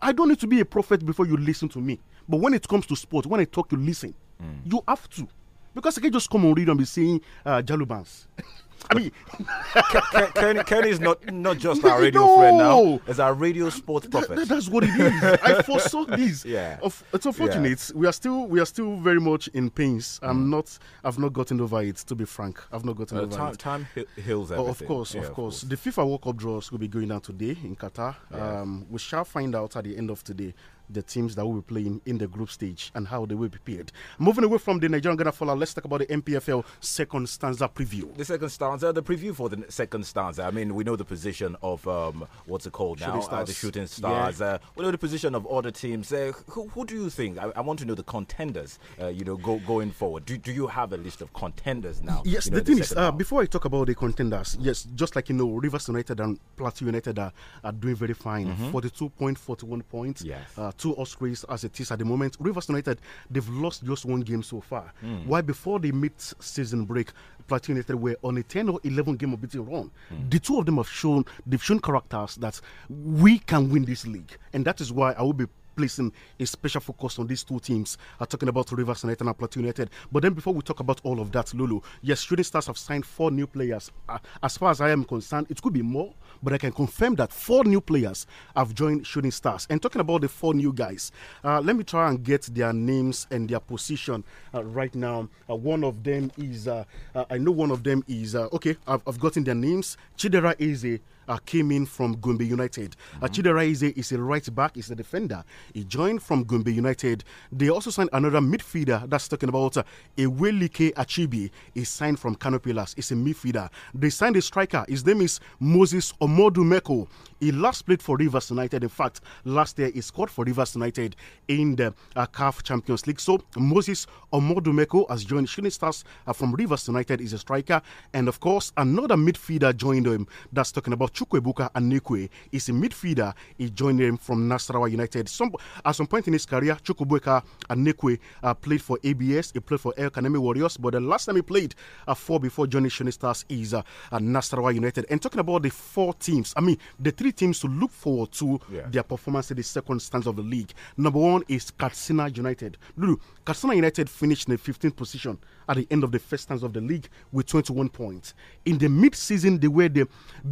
Speaker 9: I don't need to be a prophet before you listen to me. But when it comes to sport, when I talk, you listen. Mm. You have to. Because I can just come on read and be saying uh, Jalubans. I
Speaker 4: mean, Kenny is not not just our radio no. friend now; it's our radio sports prophet. That, that's
Speaker 9: what it is. I foresaw this. Yeah, it's unfortunate. Yeah. We are still we are still very much in pains. I'm mm. not. I've not gotten over it. To be frank, I've not gotten over time, it.
Speaker 4: Time heals everything. Oh, of course, yeah, of, course.
Speaker 9: course. The FIFA World Cup draws will be going down today in Qatar. Yeah. Um, we shall find out at the end of today the teams that will be playing in the group stage and how they will be paired. Moving away from the Nigerian Ghana Fallout, let's talk about the MPFL second stanza preview. The second stanza, the preview for the
Speaker 4: second stanza. I mean, we know the position of um, what's it called shooting now? Stars. Uh, the Shooting Stars. Yeah. Uh, we know the position of other teams. Uh, who, who, do you think? I, I, want to know the contenders. Uh, you know, go, going forward. Do, do you have a list of contenders now? Yes. You know, the, thing is,
Speaker 9: uh, before I talk about the contenders, yes, just like you know, Rivers United and Plateau United are, are doing very fine. Mm -hmm. Forty-two point, forty-one points. Yes. Uh, two Ospreys as it is at the moment. Rivers United, they've lost just one game so far. Mm. Why before the mid-season break, Plateau United were on a 10 or 11 game unbeaten run. Mm. The two of them have shown they've shown characters that we can win this league, and that is why I will be placing a special focus on these two teams. Uh, talking about Rivers United and Plateau United. But then before we talk about all of that, Lulu, yes, Shooting Stars have signed four new players. Uh, as far as I am concerned, it could be more, but I can confirm that four new players have joined Shooting Stars. And talking about the four new guys, uh, let me try and get their names and their position uh, right now. Uh, one of them is, uh, uh, I know one of them is, okay, I've, I've gotten their names. Chidera Eze uh, came in from Gumbi United. Mm -hmm. Chidera is a right back, is a defender. He joined from Gumbi United. They also signed another midfielder that's talking about uh, Ewelike Achibi. He signed from Canopilas. He's a midfielder. They signed a striker. His name is Moses Omodumeko. He last played for Rivers United. In fact, last year he scored for Rivers United in the uh, CAF Champions League. So Moses Omodumeko has joined Shooting Stars uh, from Rivers United. Is a striker, and of course another midfielder joined him. That's talking about Chukwebuka Anekwe is a midfielder. He joined him from Nasarawa United. Some, at some point in his career, Chukwebuka Anekwe uh, played for ABS, he played for El Kanemi Warriors, but the last time he played uh, four before joining Shoney Stars is uh, Nasarawa United. And talking about the four teams, I mean, the three teams to look forward to yeah. their performance in the second stance of the league. Number one is Katsina United. Lulu, Katsina United finished in the 15th position at the end of the first stanza of the league with 21 points. In the mid-season, they were the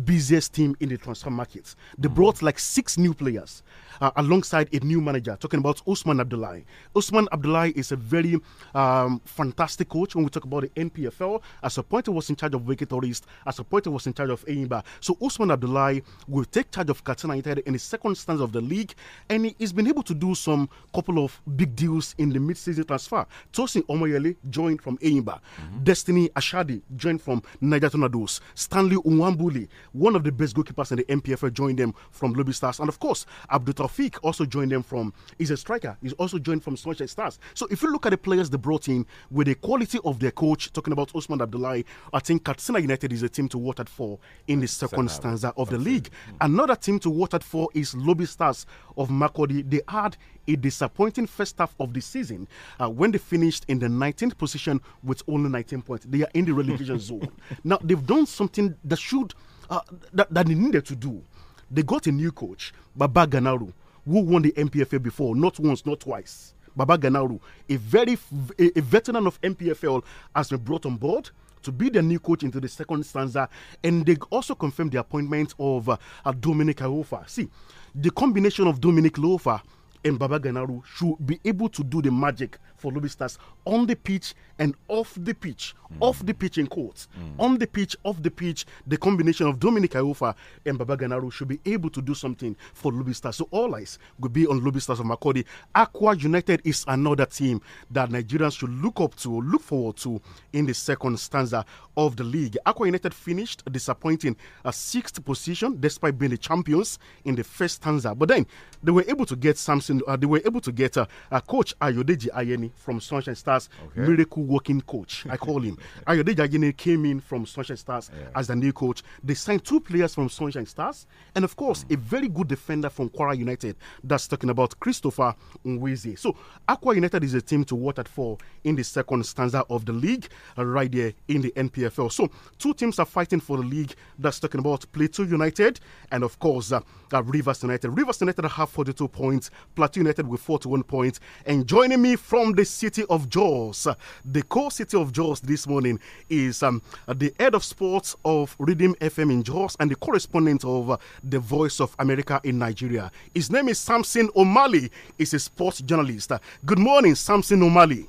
Speaker 9: busiest team in the transfer market. They mm. brought like six new players uh, alongside a new manager, talking about Usman Abdullahi. Usman Abdullahi is a very um, fantastic coach when we talk about the NPFL. As a point, he was in charge of Wiki Tourist. As a point, he was in charge of Aimba. So Usman Abdullahi will take charge of Katana United in the second stands of the league, and he's been able to do some couple of big deals in the mid-season transfer. Tosin Omoyele joined from Enyimba. Mm -hmm. Destiny Ashadi joined from Niger Tornadoes. Stanley Uwambuli, one of the best goalkeepers in the MPFL, joined them from Lobby Stars. And of course, Abdul Tawfiq also joined them from, he's a striker, he's also joined from Sunshine Stars. So if you look at the players they brought in with the quality of their coach, talking about Osman Abdullahi, I think Katsina United is a team to watch out for in the second stanza of the league. Mm -hmm. Another team to watch out for is Lobby Stars of Makodi. They had a disappointing first half of the season uh, when they finished in the 19th position with only 19 points. They are in the relegation zone. Now they've done something that should uh, that, that they needed to do. They got a new coach, Baba Ganaru, who won the MPFA before, not once, not twice. Baba Ganaru, a very a, a veteran of MPFL, has been brought on board to be the new coach into the second stanza. And they also confirmed the appointment of uh, Dominic Aofa. See, the combination of Dominic Lofa and Baba Ganaru should be able to do the magic for Lobby Stars on the pitch and off the pitch, mm. off the pitch in court, mm. on the pitch, off the pitch. The combination of Dominic Iofa and Baba Ganaru should be able to do something for Lobby Stars. So all eyes will be on Lobby Stars of Makodi. Aqua United is another team that Nigerians should look up to, look forward to in the second stanza of the league. Aqua United finished disappointing a sixth position despite being the champions in the first stanza, but then they were able to get something uh, they were able to get uh, uh, coach Ayodeji Ayeni from Sunshine Stars, okay. miracle working coach. I call him Ayodeji Ayeni came in from Sunshine Stars yeah. as the new coach. They signed two players from Sunshine Stars, and of course, mm. a very good defender from Quara United. That's talking about Christopher Nweze. So Aqua United is a team to watch out for in the second stanza of the league, uh, right there in the NPFL. So two teams are fighting for the league. That's talking about Plateau United and of course uh, uh Rivers United. Rivers United have 42 points. Plateau United with 41 points. And joining me from the city of Jaws, the core city of Jaws this morning is um, the head of sports of Redeem FM in Jaws and the correspondent of uh, The Voice of America in Nigeria. His name is Samson O'Malley. He's a sports journalist. Good morning, Samson O'Malley.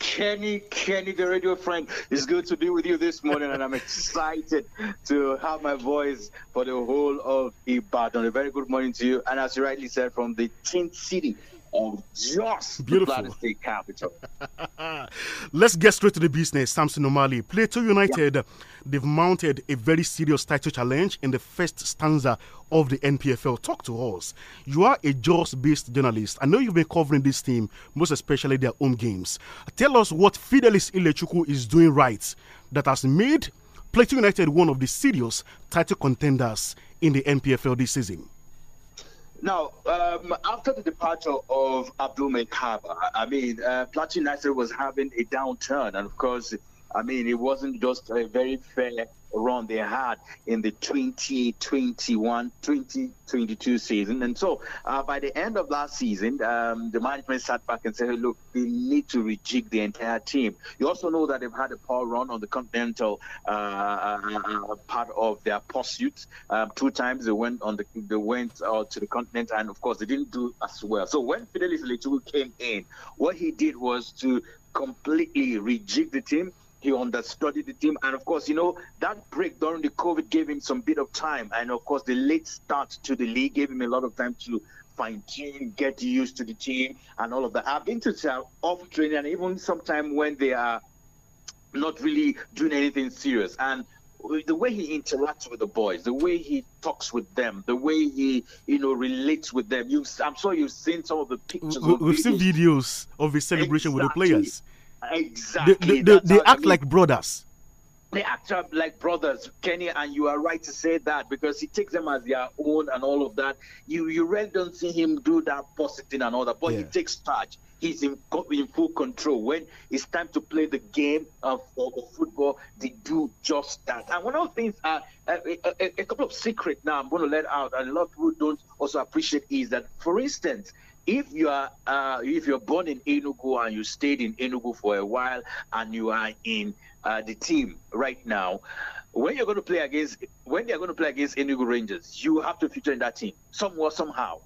Speaker 11: Kenny, Kenny, the radio friend. It's good to be with you this morning, and I'm excited to have my voice for the whole of Ibadan. A very good morning to you, and as you rightly said, from the Tin City of just Beautiful. the State capital.
Speaker 9: Let's get straight to the business. Samson Omali, Plato United, yeah. they've mounted a very serious title challenge in the first stanza of the NPFL. Talk to us. You are a Jaws based journalist. I know you've been covering this team, most especially their home games. Tell us what Fidelis Ilechuku is doing right that has made Plato United one of the serious title contenders in the NPFL this season.
Speaker 11: Now, um, after the departure of Abdul Mekaba, I mean, uh, Platin was having a downturn, and of course, I mean, it wasn't just a very fair run they had in the 2021 2022 season. And so uh, by the end of last season, um, the management sat back and said, hey, look, we need to rejig the entire team. You also know that they've had a poor run on the continental uh, uh part of their pursuit. Um, two times they went on the they went uh, to the continent, and of course, they didn't do as well. So when Fidelis Lechu came in, what he did was to completely rejig the team he understudied the team. And of course, you know, that break during the COVID gave him some bit of time. And of course, the late start to the league gave him a lot of time to fine tune, get used to the team, and all of that. I've been to off training, and even sometimes when they are not really doing anything serious. And the way he interacts with the boys, the way he talks with them, the way he, you know, relates with them. You, I'm sure you've seen some of the pictures. We've seen
Speaker 9: videos of his celebration exactly. with the players.
Speaker 11: Exactly. They, they, they act like brothers. They act like brothers, Kenny, and you are right to say that because he takes them as their own and all of that. You you really don't see him do that positing and all that, but yeah. he takes charge he's in, in full control. When it's time to play the game of, of, football, they do just that. And one of the things, uh, uh a, a, a, couple of secret now I'm going to let out, and a lot of people don't also appreciate is that, for instance, if you are uh, if you're born in Enugu and you stayed in Enugu for a while and you are in uh, the team right now, when you're going to play against when they are going to play against Enugu Rangers, you have to feature in that team somewhere somehow.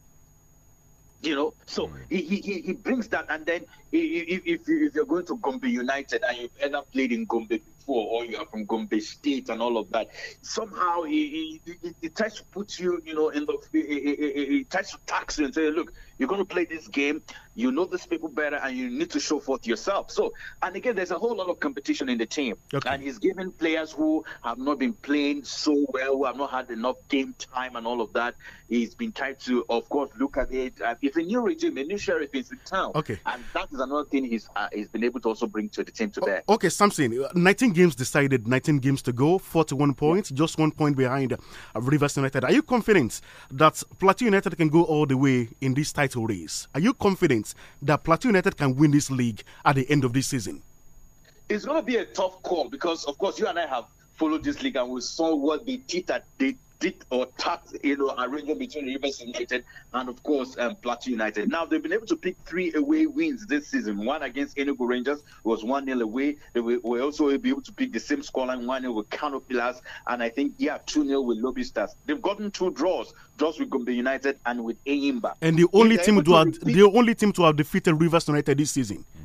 Speaker 11: You know, so mm. he, he, he brings that, and then if, if, if you're going to Gombe United and you've ever played in Gombe before, or you are from Gombe State and all of that, somehow he, he, he tries to put you, you know, in the he, he, he tries to tax you and say, look, you're going to play this game. You know these people better, and you need to show forth yourself. So, and again, there's a whole lot of competition in the team, okay. and he's giving players who have not been playing so well, who have not had enough game time, and all of that. He's been trying to, of course, look at it. It's a new regime, a new sheriff is in town. Okay, and that is another thing he's uh, he's been able to also bring to the
Speaker 9: team to bear. Okay, Something. Uh, 19 games decided, 19 games to go, 41 points, just one point behind uh, Rivers United. Are you confident that Plateau United can go all the way in this title? title race. Are you confident that Plateau United can win this league at the end of this season?
Speaker 11: It's going to be a tough call because, of course, you and I have followed this league and we saw what they did at, did or tapped you know arrangement between Rivers United and of course um, Plateau United. Now they've been able to pick three away wins this season. One against Enugu Rangers was one 0 away. They were, also able to pick the same scoreline one 0 with Kano Pillars and I think yeah two 0 with Lobby Stars. They've gotten two draws, draws with Gombe United and with Enyimba.
Speaker 9: And the only team to, have, the only team to have defeated Rivers United this season. Mm.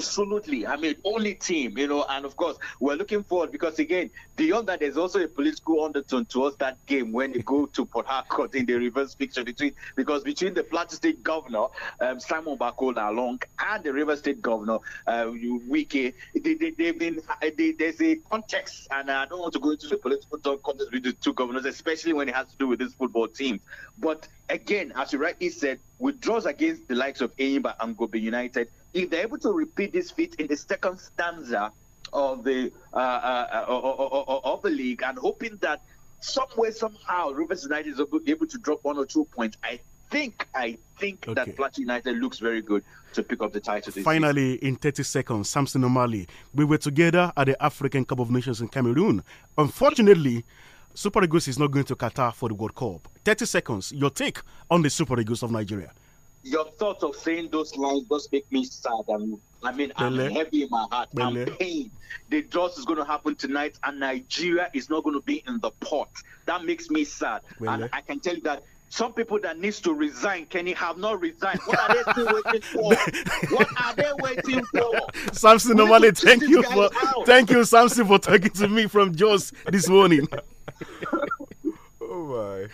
Speaker 11: Absolutely. I mean, only team, you know, and of course, we're looking forward because, again, beyond that, there's also a political undertone towards that game when they go to Port Harcourt in the reverse picture between, because between the Plateau State governor, um, Simon Bakola Long, and the River State governor, uh, um, Wiki, they, they, have been, uh, they, there's a context, and I don't want to go into the political context with the two governors, especially when it has to do with this football team. But again, as you rightly said, withdraws against the likes of Enyimba and Gobe United. If they're able to repeat this feat in the second stanza of the uh, uh, uh, of the league, and hoping that somewhere somehow Rivers United is able to drop one or two points, I think I think okay. that Plateau United looks very good to pick up the title. Finally,
Speaker 9: season. in 30 seconds, Samson O'Malley, we were together at the African Cup of Nations in Cameroon. Unfortunately, Super Eagles is not going to Qatar for the World Cup. 30 seconds, your take on the Super Eagles of Nigeria.
Speaker 11: Your thought of saying those lines just make me sad. i I mean, I'm heavy in my heart. Bele. I'm pain. The draws is going to happen tonight, and Nigeria is not going to be in the pot. That makes me sad. Bele. And I can tell you that some people that needs to resign can have not resigned. What are they still waiting for? what are they waiting for?
Speaker 9: Samson, we normally thank you for out. thank you, Samson, for talking to me from Jaws this morning. oh my.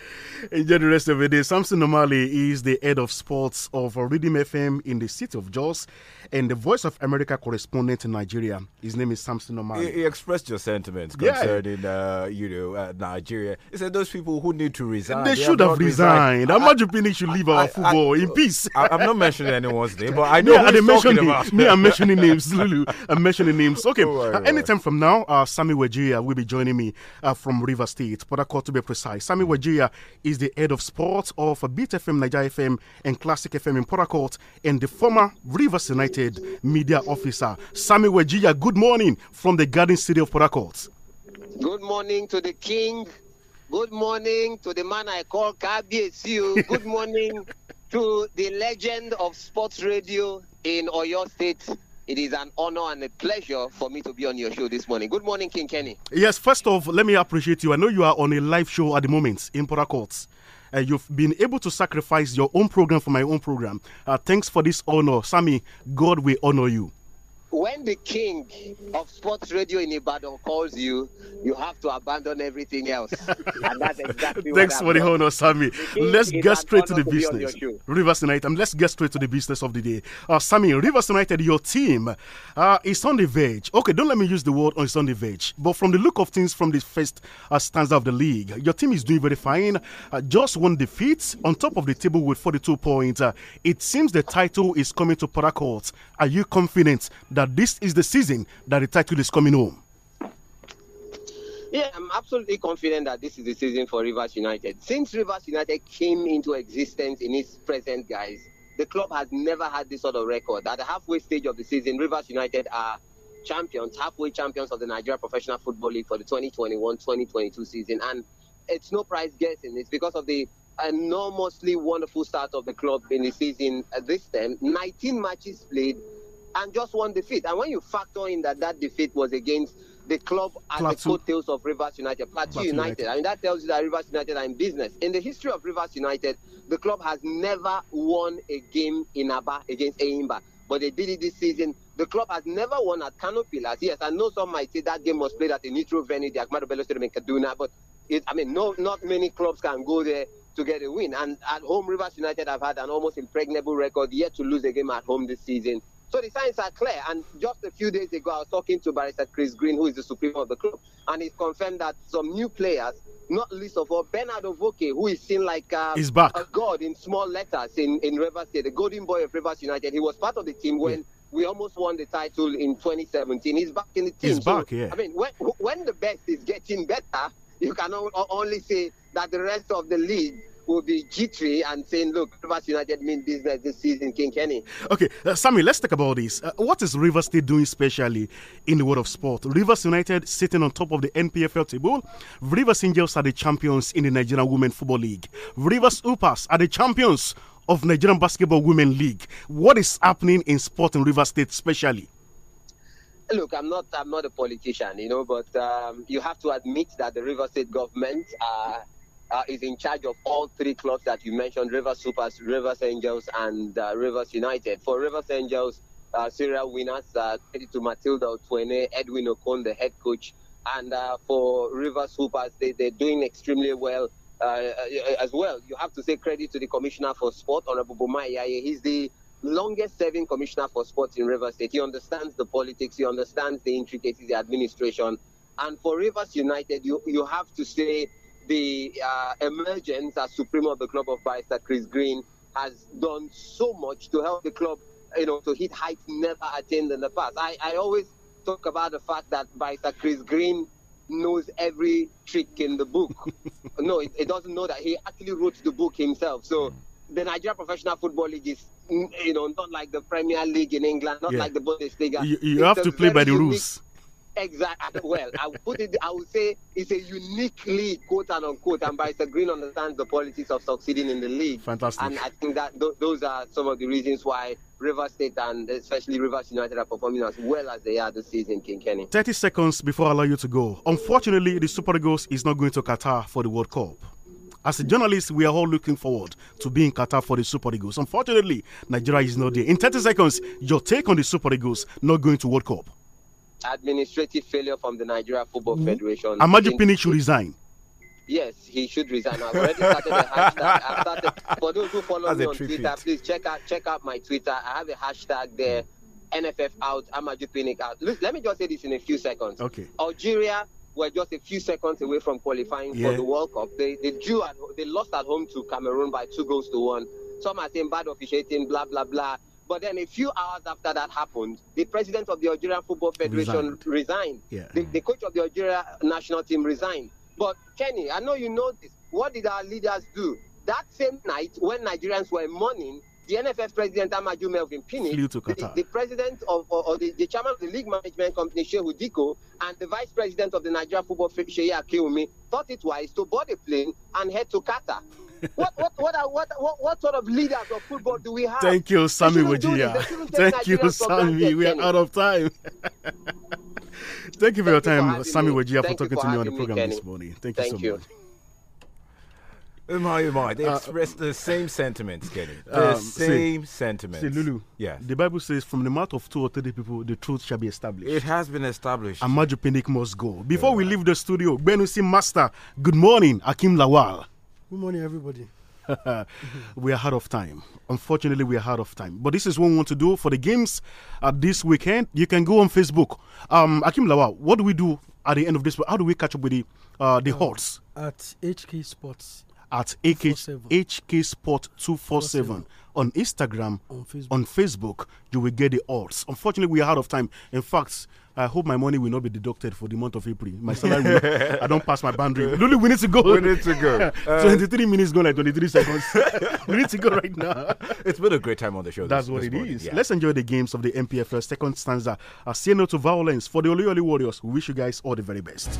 Speaker 9: Enjoy the rest of the day. Samson Nomali is the head of sports of Rhythm FM in the city of Jos and the Voice of America correspondent in Nigeria. His name is Samson Nomali. He,
Speaker 4: he expressed your sentiments concerning, yeah. uh, you know, uh, Nigeria. He said those people who need to resign. They, they should have resigned.
Speaker 9: Amaju Pinnick should leave our football I, in
Speaker 4: peace. I, am not mentioning anyone's name, but I know yeah, who about. Me, I'm mentioning names.
Speaker 9: Lulu, I'm mentioning names. Okay, oh, uh, anytime from now, uh, Sammy Wajia will be joining me uh, from River State, Port Harcourt to be precise. Sammy Wajia is is the head of sports of Beat FM, Nigeria FM, and Classic FM in Port Harcourt, and the former Rivers United media officer, Sami Wejia. Good morning from the Garden City of Port Harcourt.
Speaker 12: Good morning to the king. Good morning to the man I call KBSU. Good morning to the legend of sports radio in Oyo State. It is an honor and a pleasure for me to be on your show this morning. Good morning, King Kenny.
Speaker 9: Yes, first off, let me appreciate you. I know you are on a live show at the moment in Port Courts. Uh, you've been able to sacrifice your own program for my own program. Uh, thanks for this honor. Sammy, God will honor you
Speaker 12: when the king of sports radio in Ibadan calls you, you have to abandon everything else. and that's exactly Thanks for
Speaker 9: the honor, Sammy. let's get straight to the to business. Rivers United, let's get straight to the business of the day. Uh, Sammy, Rivers United, your team uh, is on the verge. Okay, don't let me use the word on, it's on the verge. But from the look of things from the first uh, stanza of the league, your team is doing very fine. Uh, just one defeat on top of the table with 42 points. Uh, it seems the title is coming to Paracourt. Are you confident that that this is the season that the title is coming home?
Speaker 12: Yeah, I'm absolutely confident that this is the season for Rivers United. Since Rivers United came into existence in its present guise, the club has never had this sort of record. At the halfway stage of the season, Rivers United are champions, halfway champions of the Nigeria Professional Football League for the 2021-2022 season. And it's no price guessing. It's because of the enormously wonderful start of the club in the season this time. 19 matches played, and just one defeat. And when you factor in that that defeat was against the club at Plateau. the coattails of Rivers United, Plateau, Plateau United. United. I mean, that tells you that Rivers United are in business. In the history of Rivers United, the club has never won a game in Aba against Aimba, but they did it this season. The club has never won at Kano Pillars. Yes, I know some might say that game was played at the Nitro venue, the Ahmadu Bello Stadium in Kaduna, but it, I mean, no, not many clubs can go there to get a win. And at home, Rivers United have had an almost impregnable record, yet to lose a game at home this season. So the signs are clear. And just a few days ago, I was talking to Barrister Chris Green, who is the supreme of the club, and he confirmed that some new players, not least of all Bernardo Voke, who is seen like a, um, back. a god in small letters in, in Rivers State, the golden boy of Rivers United. He was part of the team when. Yeah. We almost won the title in 2017. He's back in the team. He's so, back, yeah. I mean, when, when the best is getting better, you can only say that the rest of the league will be jittery and saying, look, Rivers United mean business this season, King Kenny.
Speaker 9: Okay, uh, Sammy, let's talk about this. Uh, what is Rivers State doing specially in the world of sport? Rivers United sitting on top of the NPFL table. Rivers Angels are the champions in the Nigerian Women Football League. Rivers Upas are the champions of Nigerian Basketball Women League. What is happening in sport in Rivers State specially?
Speaker 12: look, I'm not I'm not a politician, you know, but um, you have to admit that the River State government uh, uh, is in charge of all three clubs that you mentioned Rivers Supers, Rivers Angels, and uh, Rivers United. For Rivers Angels, uh, serial winners, uh, to Matilda Otwene, Edwin Okon, the head coach. And uh, for Rivers Supers, they, they're doing extremely well uh, uh, as well. You have to say credit to the Commissioner for Sport, Honorable Bumayaye. He's the longest serving commissioner for sports in Rivers State. He understands the politics, he understands the intricacies, the administration. And for Rivers United, you, you have to say the uh, emergence as supreme of the club of that Chris Green has done so much to help the club, you know, to hit heights never attained in the past. I, I always talk about the fact that Barrister Chris Green knows every trick in the book. no, it, it, doesn't know that he actually wrote the book himself. So hmm. the Nigeria Professional Football League is, you know, not like the Premier League in England, not yeah. like the Bundesliga. You, you have to play by the unique. rules. Exactly. Well, I would put it. I would say it's a unique league, quote and unquote. And Barrister Green understands the politics of succeeding in the league. Fantastic. And I think that th- those are some of the reasons why River State and especially Rivers United are performing as well as they are this season, King Kenny. 30
Speaker 9: seconds before I allow you to go. Unfortunately, the Super Eagles is not going to Qatar for the World Cup. As a journalist, we are all looking forward to being Qatar for the Super Eagles. Unfortunately, Nigeria is not there. In 30 seconds, your take on the Super Eagles not going to World Cup
Speaker 12: administrative failure from the Nigeria Football mm-hmm. Federation. Amaju
Speaker 9: Pinnick should resign.
Speaker 12: Yes, he should resign. I've already started a hashtag. I've started, for those who follow me on tribute. Twitter, please check out check out my Twitter. I have a hashtag there. NFF out, Amaju Pinnick out. Look, let me just say this in a few seconds. Okay. Algeria were just a few seconds away from qualifying yeah. for the World Cup. They they drew at, they lost at home to Cameroon by two goals to one. Some are saying bad officiating, blah blah blah. But then a few hours after that happened, the president of the Algeria Football Federation resigned. resigned. Yeah. The, the, coach of the Algeria national team resigned. But Kenny, I know you know this. What did our leaders do? That same night, when Nigerians were mourning, the NFF president Amaju Melvin Pini, the, the, president of or, or the, the, chairman of the league management company Shehu Diko, and the vice president of the Nigerian Football Shehu Akiumi thought it wise to board a plane and head to Qatar what, what, what, are, what, what, what sort of leaders of football do we have? Thank
Speaker 9: you, Sammy Wojia. Thank you, Sammy. We are out of time. Thank you for Thank your time, for Sammy Wojia, for talking for to me on the program me, this morning. Thank, Thank
Speaker 12: you so you. much.
Speaker 4: Oh my, oh my. It's, uh, the same sentiments, Kenny. The um, same see, sentiments. See,
Speaker 9: Lulu, yes. the Bible says, from the mouth of two or three people, the truth shall be established. It has been established. And Majupinik must go. Before yeah. we leave the studio, Benusi Master, good morning, Akim Lawal. Good morning, everybody. we are out of time. Unfortunately, we are out of time. But this is what we want to do for the games uh, this weekend. You can go on Facebook. Um, Akim Lawa, what do we do at the end of this? How do we catch up with the uh, the uh, hordes? At HK Sports at AK, HK Sport 247 on Instagram, on Facebook. on Facebook. You will get the odds. Unfortunately, we are out of time. In fact, I hope my money will not be deducted for the month of April. My salary, will, I don't pass my boundary. Lulu, we need to go. We need to go. Uh, 23 minutes gone, like 23 seconds. we need to go right now. It's been a great time on the show. That's this, what this it morning. is. Yeah. Let's enjoy the games of the MPFL second stanza. I say no to violence for the Oli Warriors. We wish you guys all the very best.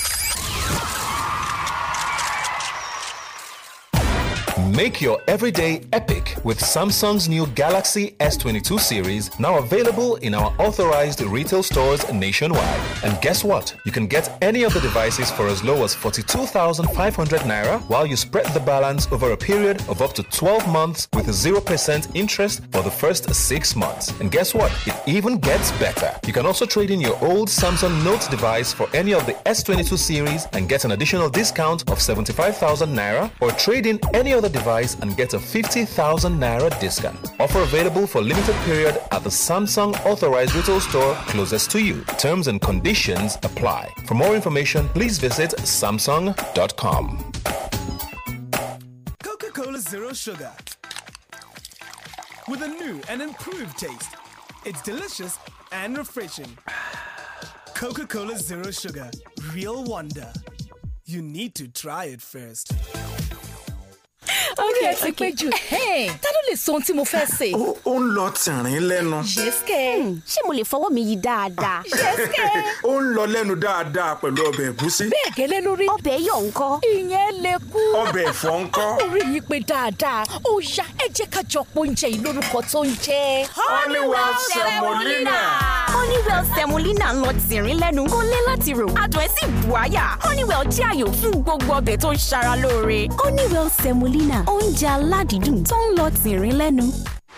Speaker 4: Make your everyday epic with Samsung's new Galaxy S22 series, now available in our authorized retail stores nationwide. And guess what? You can get any of the devices for as low as 42,500 naira while you spread the balance over a period of up to 12 months with 0% interest for the first 6 months. And guess what? It even gets better. You can also trade in your old Samsung Note device for any of the S22 series and get an additional discount of 75,000 naira or trade in any other device device and get a 50,000 Naira discount. Offer available for limited period at the Samsung authorized retail store closest to you. Terms and conditions apply. For more information, please visit samsung.com.
Speaker 1: Coca-Cola Zero Sugar with a new and improved taste. It's delicious and refreshing. Coca-Cola Zero Sugar, real wonder. You need to
Speaker 6: try it first. orí ẹ ti pé jù ta ló lè sọ ohun tí mo fẹ́ ṣe.
Speaker 1: ó ń lọ tìrín lẹ́nu.
Speaker 6: yẹ́sìkẹ́ hmm, ṣé mo lè fọwọ́ mi yí dáadáa. yẹ́sìkẹ́.
Speaker 9: ó ń lọ lẹ́nu dáadáa pẹ̀lú ọbẹ̀ ẹ̀gúsí.
Speaker 6: bẹ́ẹ̀ gẹ́lẹ́ lórí. ọbẹ̀ yọ̀ ńkọ́. ìyẹn lè kú. ọbẹ̀ ẹ̀fọ́ ńkọ́. orí yìí pé dáadáa ó yá ẹ jẹ́ ká jọ pọ̀ oúnjẹ yìí lórúkọ tó ń jẹ́. Honeywell semolina. Honeywell
Speaker 1: semolina ń lọ tìrín lẹ́nu kó lé láti rò adùn ẹ̀ sì bù àyà Honeywell jẹ́ àyò fún gbogbo ọbẹ̀ tó ń ṣara lóore
Speaker 5: Honeywell semolina Medina oúnjẹ aládìídùn tó ń lọ tìrín lẹ́nu.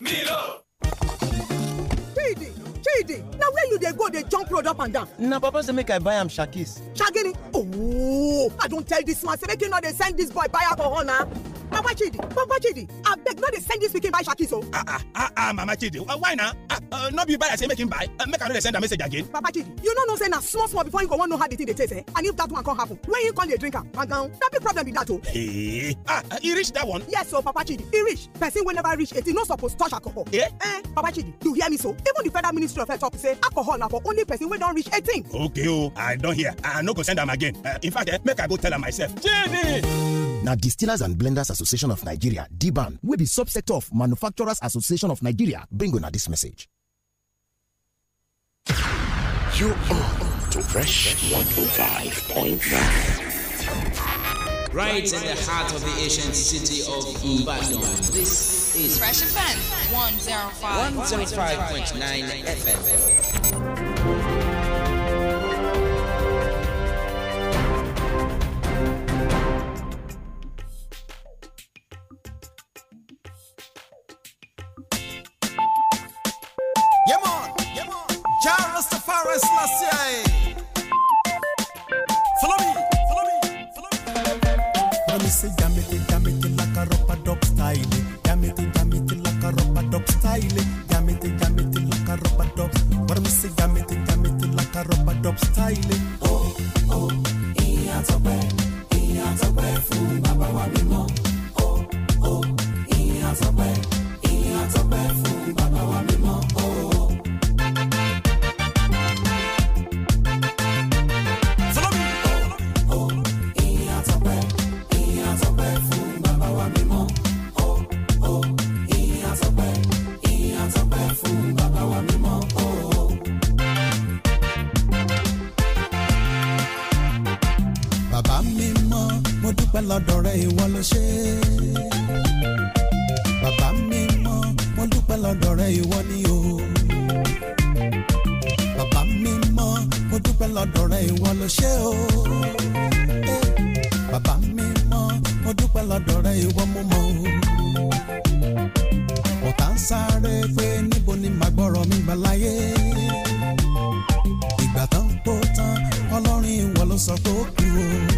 Speaker 4: Milo.
Speaker 1: feed na where you dey go dey jump road up and
Speaker 8: down na papa say make i buy am shakis
Speaker 1: shagini Oh, i don tell dis man say make he no dey send dis boy buy alcohol na Papa Chidi, Papa Chidi, abeg no dey send dis pikin buy shakis o. Ah ah ah ah Mama Chidi, uh, why na? Uh, uh, no be buy I say make him buy, uh, make I no dey send am message again. Papa Chidi, you no know say na small small before you go wan know how the thing dey taste eh? And if that one come happen, when you come dey drink am, gangan, na big problem be that o.
Speaker 8: Hey, eh, ah,
Speaker 1: uh, e reach that one? Yes So Papa Chidi, e reach. Person wey never reach eighteen no suppose touch alcohol. Eh? Eh, Papa Chidi, you hear me so? Even the federal ministry doctor fair talk say alcohol na for only person wey don reach 18
Speaker 9: okay o oh, i don hear i no go send am again uh, in fact eh, make i go tell am myself Now,
Speaker 8: na distillers and blenders association of nigeria dban wey be subsector of manufacturers association of nigeria bring una dis message you are to fresh 105.9
Speaker 5: right
Speaker 2: in the heart of the ancient city of Ibadan.
Speaker 8: This is Fresh Offense 105. 105.9
Speaker 2: FM.
Speaker 1: last year. say jam it, jam it like a rubber dog style. Jam it, jam it like a rubber dog style. Jam it, jam it like a rubber dog. What I'm say jam it, jam it like a rubber dog style. Oh oh, he has a way, he has a way fún bàbá wa mímọ́. Oh oh, he has a way fún.
Speaker 2: lọ́dọ̀ rẹ ìwọ ló ṣe é. Bàbá mi mọ́, mo dúpẹ́ lọ́dọ̀ rẹ ìwọ ni o. Bàbá mi mọ́, mo dúpẹ́ lọ́dọ̀ rẹ ìwọ ló ṣe o. Bàbá mi mọ́, mo dúpẹ́ lọ́dọ̀ rẹ ìwọ mo mọ̀ o. Ọ̀tá ń sáré pé níbo ni màá gbọ́rọ̀ mi gbà láyé. Ìgbà tán tó tán, ọlọ́run ìwọ ló sọ pé kú o.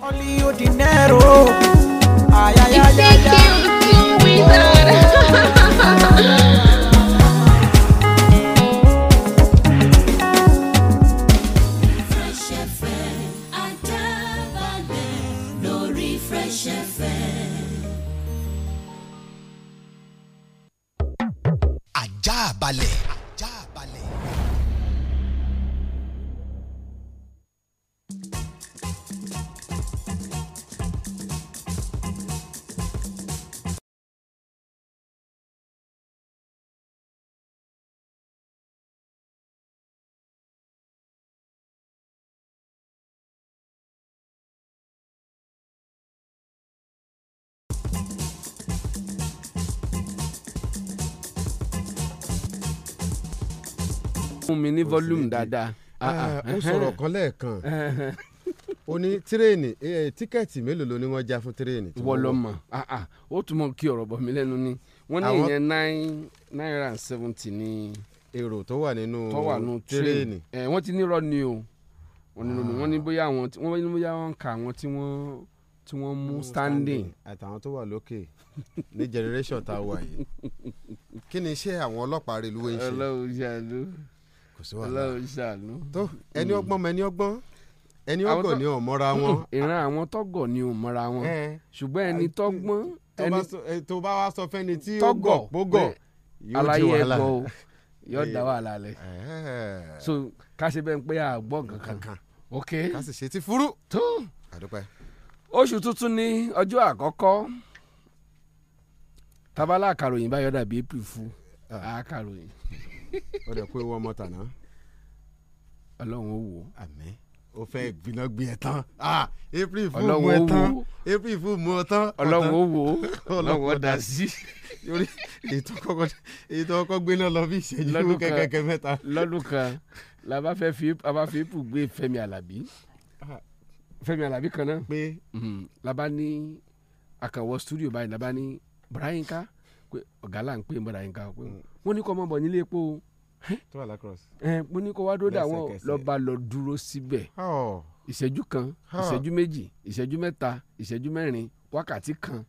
Speaker 10: Only your dinero.
Speaker 13: fún mi ní volume dáadáa. Ah, ah, eh, ó eh, sọ̀rọ̀ eh. kan lẹ́ẹ̀kan ó ní tírèènì tíkẹ́ẹ̀tì mélòó ló ní wọ́n já fún tírèènì. wọlọmọ ah, ó tún mọ kí ọ̀rọ̀ bọ̀ mí lẹ́nu ni wọ́n ní ìyẹn
Speaker 14: nine naira seventy ní. èrò tó wà nínú tírèènì. ẹ wọ́n ti nírọ̀ ni o wọ́n nírọ̀ ni wọ́n ní bóyá àwọn wọ́n ní bóyá wọ́n ka àwọn tí wọ́n tí wọ́n mú standing.
Speaker 13: àtàwọn tó wà lókè ní generation tá a wà yìí kí ni iṣẹ́ àwọn ọlọ́pàá reluwé ń ṣe. ọlọ́run ṣàlù kò sí wàhálà Ọlọ́run ṣàánú. tó ẹni hmm. ọgbọ́n mọ ẹni ọgbọ́n ẹni ọgọ̀ ni ò mọ́ra hmm, wọn.
Speaker 14: ìran àwọn tọ́gọ̀ ni ò mọ́ra wọn ṣùgbọ́n ẹni tọ́gbọ́n ẹni tó bá wá sọ fẹ́ni tí ó gọ̀ bógọ̀
Speaker 12: yóò di wàhálà
Speaker 14: yóò so ká ṣe bẹ́ẹ̀ pé àgbọ̀ kankan ok ká sì ṣe ti furu. tó oṣù tuntun ni ọjọ́ àkọ́kọ́ tabala akàròyìn bá yọ̀dà bí april fún ah. akàròyìn
Speaker 13: ó dẹ̀ kó ewu ọmọ tàná. ọlọ́run ó wò. àmín o fẹ́ gbiná gbin ẹ tán april fún mu ẹ tán april fún mu ẹ tán. ọlọ́run ó wò ó
Speaker 2: ọlọ́run ó dá sí.
Speaker 13: torí ètò kọ́kọ́ ètò kọ́kọ́ gbéná lọ bí
Speaker 14: ìṣẹ́jú kẹ́kẹ́kẹ́ mẹ́ta. lọ́dún kan la bá fẹ́ fi a bá fi ipò gbé Fẹ́mi Alábí ah. Fẹ́mi Alábí kan náà. pé mhm. la bá ní àkànwọ́ studio báyìí la bá ní Bọ́láyínká ọ̀gá là ń pè Bọ́láyínká mm. wọ́n ní kọ́ ọmọ bọ̀ nílé epo o tó wà lacrosse. ẹ mo ní kó wá dúró dà wọ́n lọ bá lọ dúró síbẹ̀ ìṣẹ́jú kan ìṣẹ́jú méjì ìṣẹ́jú mẹ́ta ìṣẹ́jú mẹ́rin wákàtí kan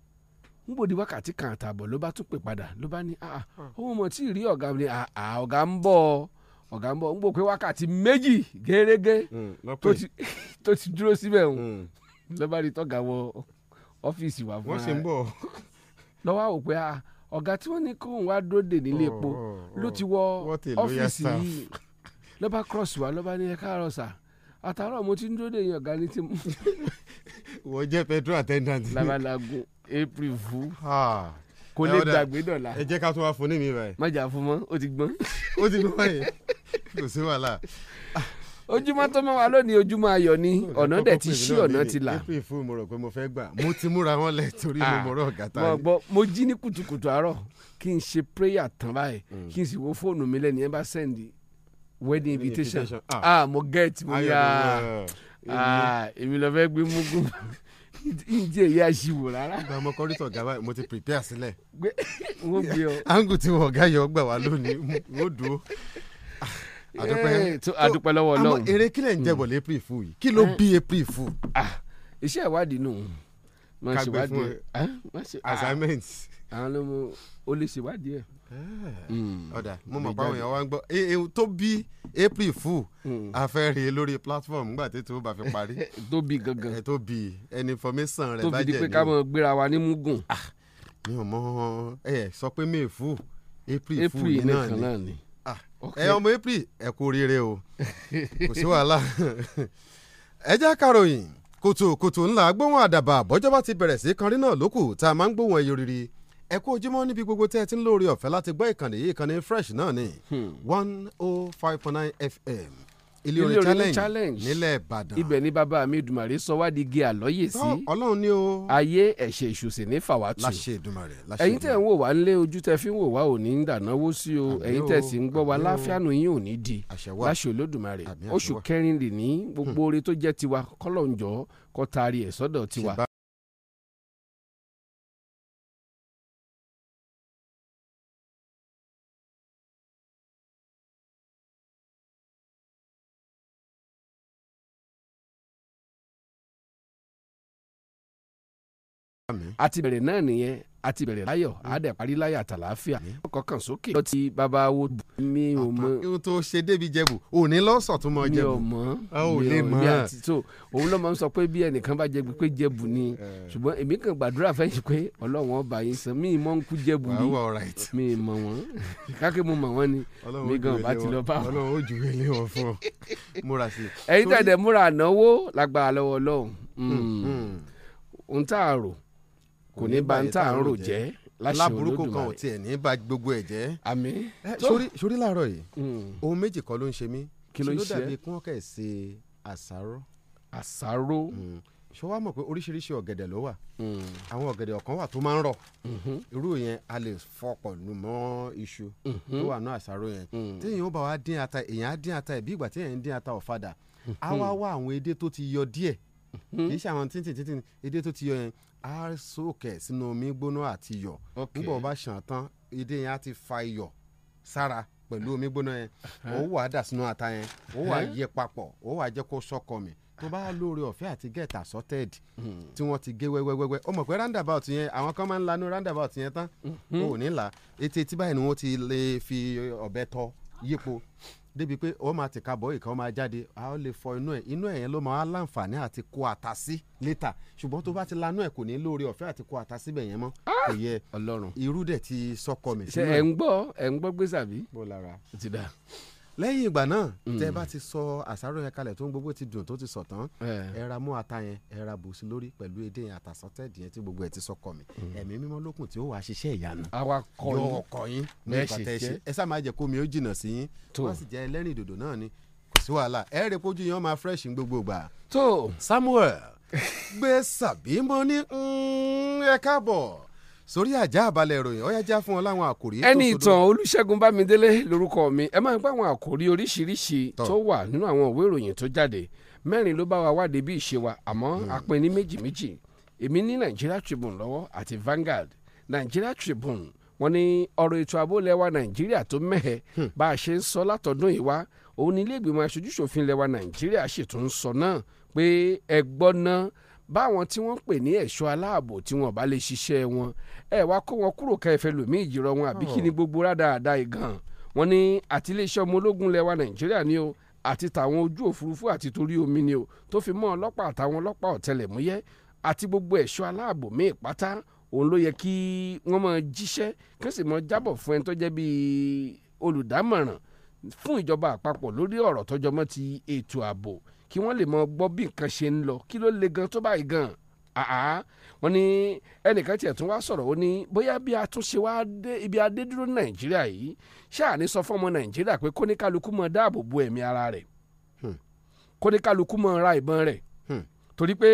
Speaker 14: n bòde wákàtí kan àtààbọ̀ ló bá tún pè padà ló bá ní ohun ah, mọ̀ tí ì rí ọ̀gá mi ah, ah, ọ̀gá ń bọ̀ ọ̀gá ń bọ̀ ń bò pé wákàtí méjì gẹ́gẹ́ mm, tó ti dúró síbẹ̀ ń mm. lọ́ba rí tọ́gà wọ ọ́fíìsì wà fún wa lọ́wọ́ àwò pé ọ̀gá tí wọ́n ní kó òun wá dúró dè nílé epo oh, oh, oh. ló ti wọ ọ́fíìsì yìí ló bá cross wa ló bá ní ẹ káàárọ̀ sà àtàárọ̀ mo ti ń dúró dè yín ọ̀gá ní ti mú.
Speaker 13: wọ́n jẹ́ petrol attendant. labalago april vu kò lè gbàgbé dọ̀la. ẹ jẹ́ ká tún wá fún ní mi báyìí. má jà fún mọ́ ó ti gbọ́n. ó ti
Speaker 14: gbọ́n yẹn kò sí wàhálà ojúmọ́ tó mọ́ wa lónìí ojúmọ́ ayọ̀ ni ọ̀nà dẹ̀ ti ṣí ọ̀nà ti là.
Speaker 13: èpè fún mo rò pé mo fẹ́ gbà
Speaker 14: mo ti múra wọn lẹ̀ torí mo ah, mọ̀rọ̀ gàtà ni. mo mo jí ní kùtùkùtù àárọ̀ kí n ṣe prayer tán báyìí mm. kí n sì wo fóònù mi lẹ́nu yẹn bá sẹ́ndì wedding invitation ah. ah mo get mo ya ah
Speaker 13: èmi lọ fẹ́ gbé mugun njẹ ìyá ṣìwò rárá. ìgbà ọmọ kọ́rítọ̀ mo ti prepare sílẹ̀. wọ́n gbé ọ. angu tí wọ́n ọ̀gá yọ ọgbà wá lónìí wọ́n dúró adúpẹ́ eh, lọ́wọ́ Ọlọ́run. àmọ́ eré kílẹ̀ ń jẹ́bọ̀ hmm. lé April Fool yìí kí ló eh. bí April Fool. Ah,
Speaker 14: iṣẹ́ ìwádìí nù máa ṣèwádìí eh, ah. assignment.
Speaker 13: àwọn ló mú o lè ṣèwádìí ẹ̀.
Speaker 10: Hmm. ọ̀dà
Speaker 13: mo mọ̀ páwọn èèyàn wá ń gbọ́ ewu tó bí April Fool àfẹ́rẹ́ hmm. lórí platform nígbà tí tó bá fi parí. tó bí gangan tó bí ẹni information rẹ bá jẹ ní. tó fi di pé ká mọ gbéra wa ní mugun. Ah, mi ò mọ ẹ sọ pé May Fool April Fool yìí náà ni. Ah, ẹ ọmọ april ẹ kú oríire o kò sí wàhálà ẹ já karòyìn kùtùkùtù ńlá gbóhùn àdàbà bọ́jọ́bá ti bẹ̀rẹ̀ sí kanrin náà lókù tá a máa ń gbóhùn ẹyọ rírì ẹ kú ojúmọ́ níbi gbogbo tẹ́ ẹ ti ń lóore ọ̀fẹ́ láti gbọ́ ìkànnì yìí ìkànnì fresh náà ni hmm. one oh five point nine fm ilé orin challenge, challenge. nílẹ̀ ìbàdàn. ibẹ̀ ni bàbá mi
Speaker 14: dùmàrè sọ wá di gé àlọ́yè sí. ọlọ́run ni o. ayé ẹ̀ṣẹ̀ ìṣòsè ní fàwátù. láṣẹ ìdùmàrè láṣẹ ìdùmàrè. ẹ̀yin tẹ̀ ń wò wá nílé ojú tẹ fi ń wò wá ò ní dànáwó sí o ẹ̀yin tẹ̀ sì ń gbọ́ wá láfíànù yín ò di. láṣẹ olódùmarè oṣù kẹrin lè ní gbogbo hmm. oore tó jẹ́ tiwa
Speaker 10: kọ́lọ́njọ́ kọ́ taari ẹ̀ sọ́dọ̀ tiwa. àti bẹ̀rẹ̀ náà nìyẹn àti
Speaker 14: bẹ̀rẹ̀ láyọ̀ àdẹ̀ parí láyọ̀ àtàlàáfíà ọkọ̀ mm. kan sókè. lọ́ọ́ ti bàbá wo mi ò mọ. ohun tó ṣe débi jẹ̀bù òní lọ́sọ̀ tó mọ jẹ̀bù. mi ò mọ mi ò mi àti tó òun ló máa ń sọ pé bí ẹnìkan bá jẹ̀bù pé jẹ̀bù ni eh. ṣùgbọ́n èmi kan gbàdúrà fẹ́yìn pé ọlọ́run ọba yìí sàn mí mọ́ ń kú jẹ̀bù ni mi mọ̀ wọ́n wọ́n kò ní bá ń tà ń rò jẹ́ láṣẹ olódùmarè láburúkú kan ò
Speaker 13: tiẹ̀ ní bá gbogbo ẹ̀ jẹ́. àmín. sori sori láàárọ̀ yìí hmm. ohun méjì kọ́ ló ń ṣe mí kí ló ń ṣe ló dàbí kí wọ́n kẹ́ ẹ̀ ṣe àṣàrò. àṣàrò. Hmm. ṣé wàá mọ̀ pé oríṣiríṣi ọ̀gẹ̀dẹ̀ ló wà hmm. àwọn ọ̀gẹ̀dẹ̀ ọ̀kan wà tó máa ń rọ̀ irú yẹn a lè fọpọ̀ nù mọ́ iṣu tó wà náà àṣàrò yẹn téèyàn ó bá wa dín ata èèyàn á dín ata ẹ̀ bí ìgbà téèyàn ń dín ata ọ̀fadà á wá wá àwọn edé tó ti yọ díẹ̀ kì í ṣe àwọn tíntìntíntìn edé tó ti yọ yẹn á sókè sínú omi gbóná àti iyọ̀ nígbà wọn bá ṣàn tán edé yẹn á ti fa iyọ̀ sára pẹ̀lú omi gbóná yẹn ó wà á dà sínú ata yẹn ó wà á yẹ papọ̀ ó wà á jẹ́ kó sọ́kọ mi tó bá lóore ọ̀fẹ́ àti get assorted hmm. tí wọ́n ti gé wẹ́wẹ́wẹ́wẹ́ ó mọ̀ pé roundabout yẹn àwọn kan máa ń lanú roundabout yẹn tán hmm. ó ní là ètè etí báyìí ni wọ́n ti lè fi ọ̀bẹ tọ́ yípo débi pé ó máa tìka bọ́ ìkan ó máa jáde a ó lè fọ inú ẹ̀ inú ẹ̀ yẹn ló máa láǹfààní àti kó ata sí létà ṣùgbọ́n tó bá ti lanú ẹ̀ kò ní lóore ọ̀fẹ́ àti kó ata síbẹ̀ yẹn mọ́ ah! kò yẹ ọlọ́run irú dẹ̀ ti sọkọ mi. ẹ̀ ń gbọ́ ẹ̀ ń gbọ́ gbèsàbí. bó lára. ti dáa lẹ́yìn ìgbà náà hmm. tẹ́ bá ti sọ àsáró yẹn kalẹ̀ tó ń gbogbo ti dùn tó ti sọ tán eh. ẹ ra mú ata yẹn ẹ ra bùsí lórí pẹ̀lú edé yẹn àtàsọ́tẹ̀dì yẹn tí gbogbo ẹ̀ ti sọkọ mi hmm. ẹ̀mí mímọ́ lókun tí ó wàá ṣiṣẹ́ ìyanu yóò kọ yín nípa ẹ sá máa jẹ kó mi ó jìnnà sí yín wọ́n sì jẹ́ ẹlẹ́rìn ìdòdò náà ni kò sí wàhálà ẹ rẹ pójú yẹn máa fresh gbogbo ìgbà. tó Samuel gbé sàbí ní mm, ẹ káàbọ̀ sórí àjà àbálẹ̀ ìròyìn ọ̀yá já fún ọ láwọn àkòrí. ẹni ìtàn olùṣègùn bámidélé lórúkọ mi ẹ máa ń pa
Speaker 14: àwọn àkòrí oríṣiríṣi tó wà nínú àwọn ìwé ìròyìn tó jáde mẹ́rin ló bá wa wádìí bí ìṣe wa àmọ́ hmm. apin ní méjì méjì èmi ní Nigeria Tribune lọ́wọ́ àti Vanguard Nigeria Tribune wọ́n ní ọ̀rọ̀ ètò ààbò lẹwa Nàìjíríà tó mẹhẹ hmm. bá a ṣe ń sọ látọdún yìí wá òun ní ilé ìgbìmọ̀ báwọn tí wọ́n pè ní ẹ̀ṣọ́ aláàbò tí wọ́n bá lè ṣiṣẹ́ wọn ẹ wá kó wọn kúrò ká ẹfẹ lòmíì jìrọ wọn àbí kí ni oh. gbogbo rádaràda ìgàn wọn ní àtiléeṣẹ́ ọmọ ológun lẹwa nàìjíríà ni o àti tàwọn ojú òfurufú àti torí omi ni o tó fi mọ́ ọlọ́pàá àtàwọn ọlọ́pàá ọ̀tẹlẹ̀múyẹ́ àti gbogbo ẹ̀ṣọ́ aláàbò míì pátá òun ló yẹ kí wọ́n máa jíṣẹ́ kí wọ́n sì máa kí wọ́n lè mọ gbọ́ bí nǹkan ṣe ń lọ kí ló le gan tó báyìí gan wọ́n ní ẹnìkan tiẹ̀ tún wá sọ̀rọ̀ ó ní bóyá bí a tún ṣe wá dé ibi adédúró nàìjíríà yìí ṣáàní sọ fún ọmọ nàìjíríà pé kóníkálukú mọ dáàbò bo ẹ̀mí ara rẹ̀ hmm. kóníkálukú mọ ra ìbọn rẹ̀ hmm. torí pé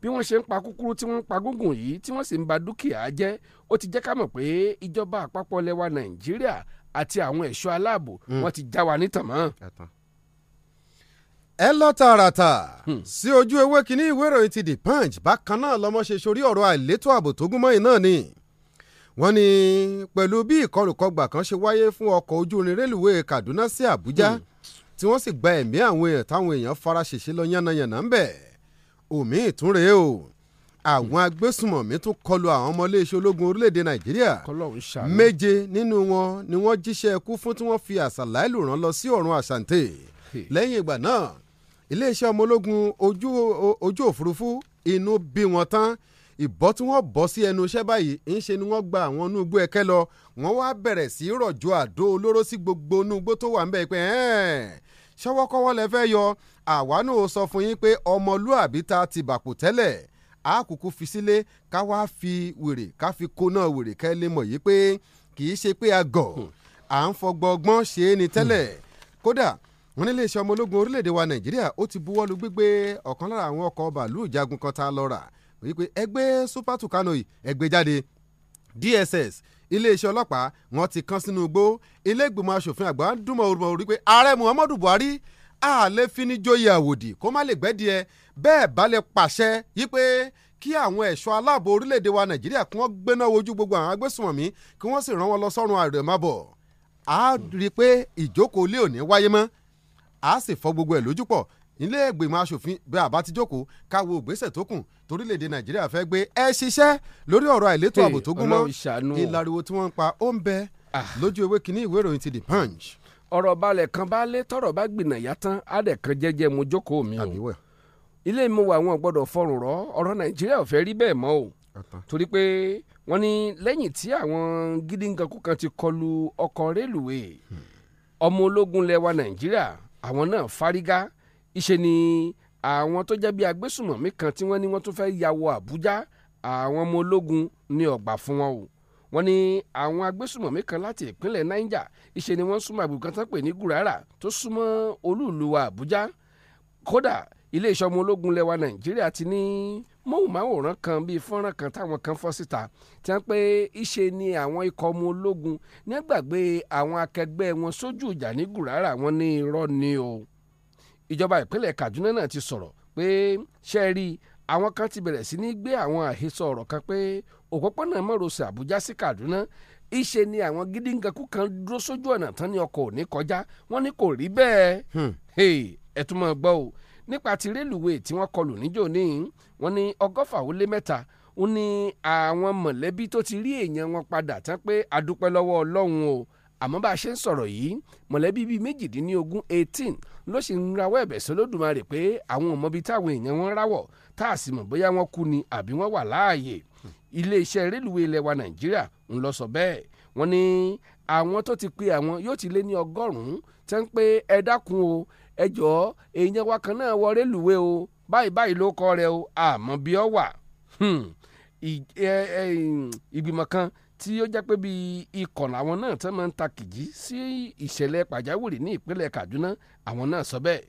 Speaker 14: bí wọ́n ṣe ń pa kúkúrú tí wọ́n ń pa gúngùn yìí tí wọ́n sì ń ba dúkìá jẹ́ ó ti jẹ́ ká mọ̀ pé ìjọba àpapọ̀ lẹwa nàìjíríà àti àwọn ẹ̀ṣọ́ aláàbò hmm. wọ́n ti já wa nítàn mọ́
Speaker 13: ẹ lọ tààràtà hmm. sí ojú ewé kínní ìwé ìròyìn ti the punch bákan náà lọmọ ṣe sórí ọ̀rọ̀ àìlétò ààbò tó gúnmọ́ yìí náà ni wọ́n ní pẹ̀lú bí ìkọlùkọgbà kan ṣe wáyé fún ọkọ̀ ojú irin rélùwé Kaduna sí abuja. Hmm. tí wọ́n sì gba ẹ̀mí àwọn èèyàn táwọn èèyàn fara ṣèṣe lọ yánnayànna ń bẹ̀ òmí ìtúnrẹ́ o àwọn hmm. agbésùmọ̀mí tún kọlu àwọn ọmọ iléeṣẹ́ ológun orílẹ̀‐èdè Nàìjíríà méje nínú wọn ni wọ́n jíṣẹ́ ikú fún tí wọ́n fi àṣà láìlù rán lọ sí ọ̀run àṣàǹtẹ̀ lẹ́yìn ìgbà náà iléeṣẹ́ ọmọ ológun ojú ojú òfurufú inú bí wọn tán ìbọ́ tí wọ́n bọ́ sí ẹnu iṣẹ́ báyìí ńṣe ni wọ́n gba àwọn onúgbó ẹ̀kẹ́ lọ wọ́n wá bẹ̀rẹ̀ sí í rọ̀jò àdó olóró sí gbogbo onúgbó tó wà ń bẹ̀ pé ṣọwọ́kọ́wọ́ lẹ fẹ́ yọ àwa náà sọ fún yín pé ọmọlúàbí ta ti bàkù tẹ́lẹ̀ àkùkù fi sílé ká wá fi wèrè ká fi kóná wèrè kẹ́ lè mọ̀ yìí pé kì í ṣe pé a gọ̀ à ń fọgbọ́gbọ́n ṣe é ni tẹ́lẹ̀ kódà wọ́n ní iléeṣẹ́ ọmọ ológun orílẹ̀-èdè wa nàìjíríà ó ti buwọ́ lu gbígbé ọ̀kan lára àwọn ọkọ̀ bàálù ìjagun kan tá a wípé ẹgbẹ́ super tucano yìí ẹgbẹ́ jáde dss iléeṣẹ́ ọlọ́pàá wọ́n ti kan sínú igbó ilé ìgbìmọ̀ asòfin àgbà ń dùnmọ̀ orúmọ̀ orí pé ààrẹ muhammadu buhari àlẹ́ fini joyè àwòdì kó má lè gbẹ́dìẹ bẹ́ẹ̀ bá lè pàṣẹ yí pé kí àwọn ẹ̀ṣọ́ aláàbò orílẹ̀-èdè wa nàìjíríà kí wọ́n gbéná wojú gbogbo àwọn agbésùnmọ̀mí kí wọ́n sì rán wọn lọ sọ́run àrèmábọ̀ a rí i pé ìjókòó lé òní wáyé mọ́ a sì fọ gbogbo ẹ̀ lójú pọ̀ ilé ìgbìmọ̀ asòfin bí a bá ti jókòó ká wo ìgbésẹ̀ tó kù torílẹ̀-èdè nàìjíríà fẹ́ gbé ẹ ṣiṣẹ́ lórí ọ̀rọ̀ àìlétò ààbò tó gúnmọ́ ìlàríwo tí wọ́n ń pa ó ń bẹ ah. lójú ewé kínní ìwé ìròyìn ti the punch. ọ̀rọ̀ balẹ̀
Speaker 14: kan bá lé tọ̀rọ̀ bá gbìnà yá tán á dẹ̀ kan jẹ́jẹ́ mo jókòó mi o ilé mi wà wọn gbọ́dọ̀ fọrùn rọ ọ̀rọ̀ nàìjíríà ò rí àwọn náà fárígá ìṣe ni àwọn tó jẹ́ bí agbésùmọ̀mí kan tí wọ́n ní wọ́n tún fẹ́ ya wọ Àbújá àwọn ọmọ ológun ní ọgbà fún wọn o wọ́n ní àwọn agbésùmọ̀mí kan láti ìpínlẹ̀ Niger ìṣe ni wọ́n súnmọ́ àgbègbè tó pè ní Gurara tó súnmọ́ olúùlú wa Àbújá kódà iléeṣẹ́ ọmọ ológun lẹwa Nàìjíríà ti ní móhùnmáwòrán kan bíi fọ́nrán kan táwọn kan fọ́ síta tí wọ́n pé ìṣe ni àwọn ikọ̀ ọmọ ológun nígbàgbé àwọn akẹgbẹ́ wọn sójú ìjà ní gùràrà wọn ní irọ́ ni o ìjọba ìpínlẹ̀ Kaduna náà ti sọ̀rọ̀ pé ṣe rí àwọn kan ti bẹ̀rẹ̀ sí ní gbé àwọn àhesọ ọ̀rọ̀ kan pé òpópónà mọ́rosẹ̀ Àbújá sí Kaduna ìṣe ni àwọn gidingaku kan dúró sójú ọ̀nà tán ní ọkọ̀ òní kọjá wọ́n ní kò rí bẹ́ẹ̀ hmm. ẹ̀ tún mọ̀ gbọ́ o nípa ti rélùwéè tí wọ́n kọlù níjò ní wọ́n ní ọgọ́fà ó lé mẹ́ta ó ní àwọn mọ̀lẹ́bí tó ti rí èèyàn wọn padà tán pé adúpẹ́ lọ́wọ́ ọlọ́run o àmọ́ bá a ṣe ń sọ̀rọ̀ yìí mọ̀lẹ́bí bíi méjìdínlógún eighteen ló sì ń rawọ́ ẹ̀bẹ̀ sọlódùmarè pé àwọn ọmọbi táwọn èèyàn wọn ráwọ̀ tá a sì mọ̀ bóyá wọ́n kú ni àbí wọ́n wà láàyè iléeṣẹ́ rélùwéè ilẹ̀ wa nàìjíríà ń lọ sọ bẹ́ẹ̀ wọ́n ní àwọn tó ti pe àwọn yóò ti lé ní ọgọ́rùn-ún tẹ́ ń pé ẹ dákun o ẹ jọ̀ọ́ èèyàn wa kan náà wọ rélùwé o báyìí báyìí ló kọ rẹ o àmọ́ bí ọ wà hmm. ìgbìmọ̀ kan tí ó jẹ́ pé bí ikọ̀ làwọn náà tán máa ń ta kìjì sí ìṣẹ̀lẹ̀ pàjáwìrì ní ìpínlẹ̀ Kaduna àwọn náà sọ bẹ́ẹ̀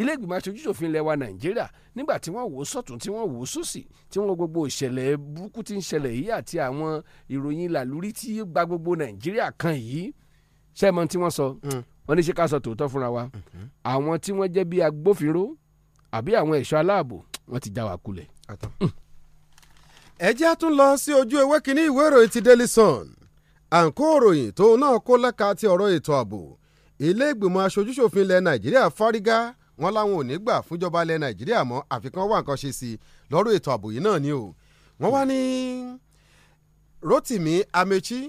Speaker 14: ilé ìgbìmọ̀ aṣojúṣòfin ilẹ̀ wa Nàìjíríà nígbà tí wọ́n wò ó sọ̀tún tí wọ́n wò ó sòsì tí wọ́n gbogbo ìṣẹ̀lẹ̀ burúkú tí ń ṣẹlẹ̀ yìí àti àwọn ìròyìn làlúrí tí gba gbogbo Nàìjíríà kan yìí ṣẹ́mọ tí wọ́n sọ hmm wọ́n ní ṣe ká sọ tòótọ́ fúnra wa àwọn tí wọ́n jẹ́ bí agbófinró àbí àwọn ẹ̀ṣọ́ aláàbò wọ́n ti
Speaker 13: já wa kulẹ̀. ẹ jẹ́ a tún lọ sí ojú ewé kínní ìwé ìròyìn ti Daily Sun àǹkó òròyìn tóun náà kó lẹ́ka ti ọ̀rọ̀ ètò ààbò ilé ìgbìmọ̀ aṣojúṣòfin ilẹ̀ Nàìjíríà fárígá wọn láwọn ò ní gbà fúnjọba ilẹ̀ Nàìjíríà mọ́ àfikún wà nǹkan ṣe sí i lọ́rọ̀ ètò ààbò yìí náà ni o wọ́n wá ní Rotimi Amechi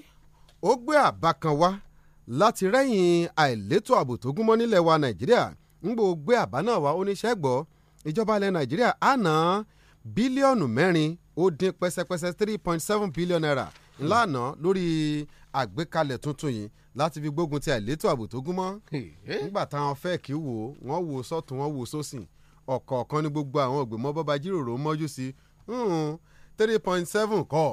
Speaker 13: ó gbé àbá kan wá láti rẹ́yìn àìlétò ààbò tó gúnmọ́ nílẹ̀ wa nàìjíríà ń gbò gbé àbá náà wá oníṣẹ́ gbọ́ ìjọba ilẹ̀ nàìjíríà àná bílíọ̀nù mẹ́rin ó dín pẹ́sẹ́pẹ́sẹ́ three point seven billion naira ńlànà lórí àgbékalẹ̀ tuntun yìí láti fi gbógun ti àìlétò ààbò tó gúnmọ́ nígbà táwọn fẹ́ kí wò ó wọ́n wò sọ́tún wọ́n wò sósìn ọ̀kọ̀ọ̀kan ní gbogbo àwọn ògbìmọ̀ bọ́ba jíròrò mọ́jú sí hmm, three point seven kọ́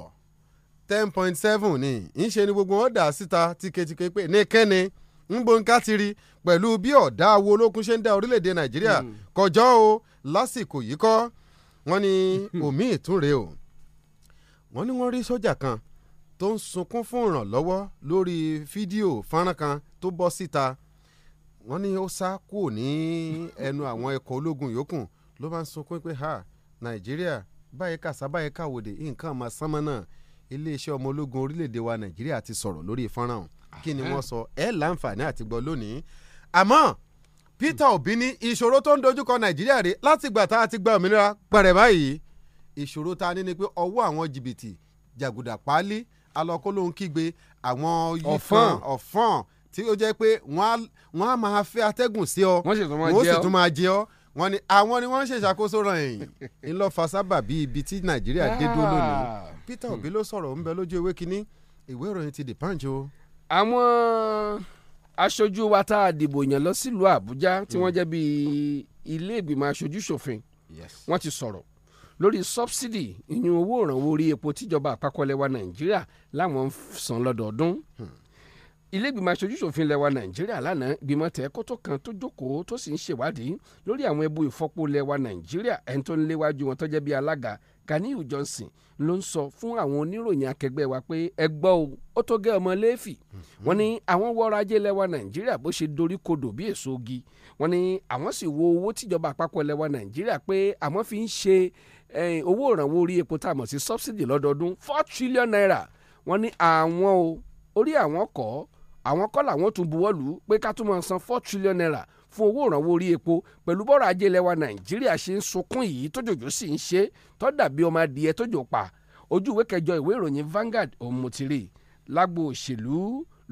Speaker 13: ten point seven ni ńṣe ni gbogbo wọn dà síta tíketíke pé ní kẹ́ni ń bonká ti rí pẹ̀lú bí ọ̀dà awo olókun ṣe ń dá orílẹ̀-èdè nàìjíríà hmm. kọjọ́ o lásìkò yìí kọ́ Wọn ni omi ìtúnre o Wọn ni wọn rí sójà kan tó ń sunkún fún ìrànlọ́wọ́ lórí fídíò fọ́nrán kan tó bọ́ síta Wọn ni ó sá kúrò ẹnu àwọn ológun yòókù ló ha nàìjíríà báyìí nǹkan iléeṣẹ́ ọmọ ológun orílẹ̀-èdè wa nàìjíríà ti sọ̀rọ̀ lórí fọ́nrán ọ̀hún kí ni wọ́n sọ ẹ̀ láǹfààní àti gbọ́ lónìí àmọ́ Peter Obi ní ìṣòro tó ń dojúkọ nàìjíríà rè látìgbà tá a ti gba òmìnira pẹ̀rẹ̀ báyìí ìṣòro ta ní ni pé ọwọ́ àwọn jìbìtì jàgùdà páálí alọ́kólóhùn kígbe àwọn ọ̀fọ́n ọ̀fọ́n tí ó jẹ́ pé wọ́n á máa fẹ́ atẹ́gùn sí ọ wọ́n sì tún máa jẹ ọ́ wọ́n ní àwọn ni wọ́n ń ṣèṣàkóso ràn yìí ńlọ fa sábà bí ibi tí nàìjíríà dé dúró lónìí ah. Peter Obi ló sọ̀rọ̀ ń bẹ lójú ewé kínní ìwé ìròyìn ti The Punch o. àwọn aṣojú wa tá a dìbò yàn
Speaker 14: lọ sílùú Àbújá tí wọ́n mm. jẹ́ bíi ilé ìgbìmọ̀ aṣojú ṣòfin wọ́n ti sọ̀rọ̀ lórí sọ́bsidì ìyún owó ìrànwọ́ orí epo tíjọba àpapọ̀ lẹ́wà Nàìjíríà láwọn ń san lọ́dọọdún. Hmm ilé ìgbìmọ̀ aṣojú ṣòfin lẹwa nàìjíríà lánàá gbìmọ̀ tẹ̀ kótó kan tó jókòó tó sì ń ṣèwádìí lórí àwọn ẹbu ìfọ́pò lẹwa nàìjíríà ẹni tó ń léwájú wọn tó jẹ́ bí alága Ganiu Johnson ló ń sọ fún àwọn oníròyìn akẹgbẹ́ wa pé ẹ gbọ́ o ó tó gẹ́ ọmọ lẹ́ẹ̀fì hmm. wọ́n ní àwọn wọ́ọ́rọ̀ ajé lẹ́wà nàìjíríà bó ṣe dorí kodò bí èso igi wọ́n ní àwọn sì wo owó tíjọba àpapọ̀ lẹ́wà nàìjíríà pé àwọn fi ń ṣe owó ìrànwọ́ orí epo tá a mọ̀ sí subsidy lọ́dọọdún four trillion naira wọ́n ní àwọn o orí àwọn kọ́ ọ́ àwọn kọ́ làwọn tún buwọ́ lù ú pé ká tún máa san four trillion naira fún owó ìrànwọ́ orí epo pẹ̀lú bọ́rọ̀ ajé lẹ́wà nàìjíríà ṣe ń sunkún yìí tójòjò sì ń ṣe tó dàbí ọmọ adìẹ tójò pa ojú ìwé kẹjọ ìwé ìròyìn Vanguard òmùtìrì lágbo òṣèlú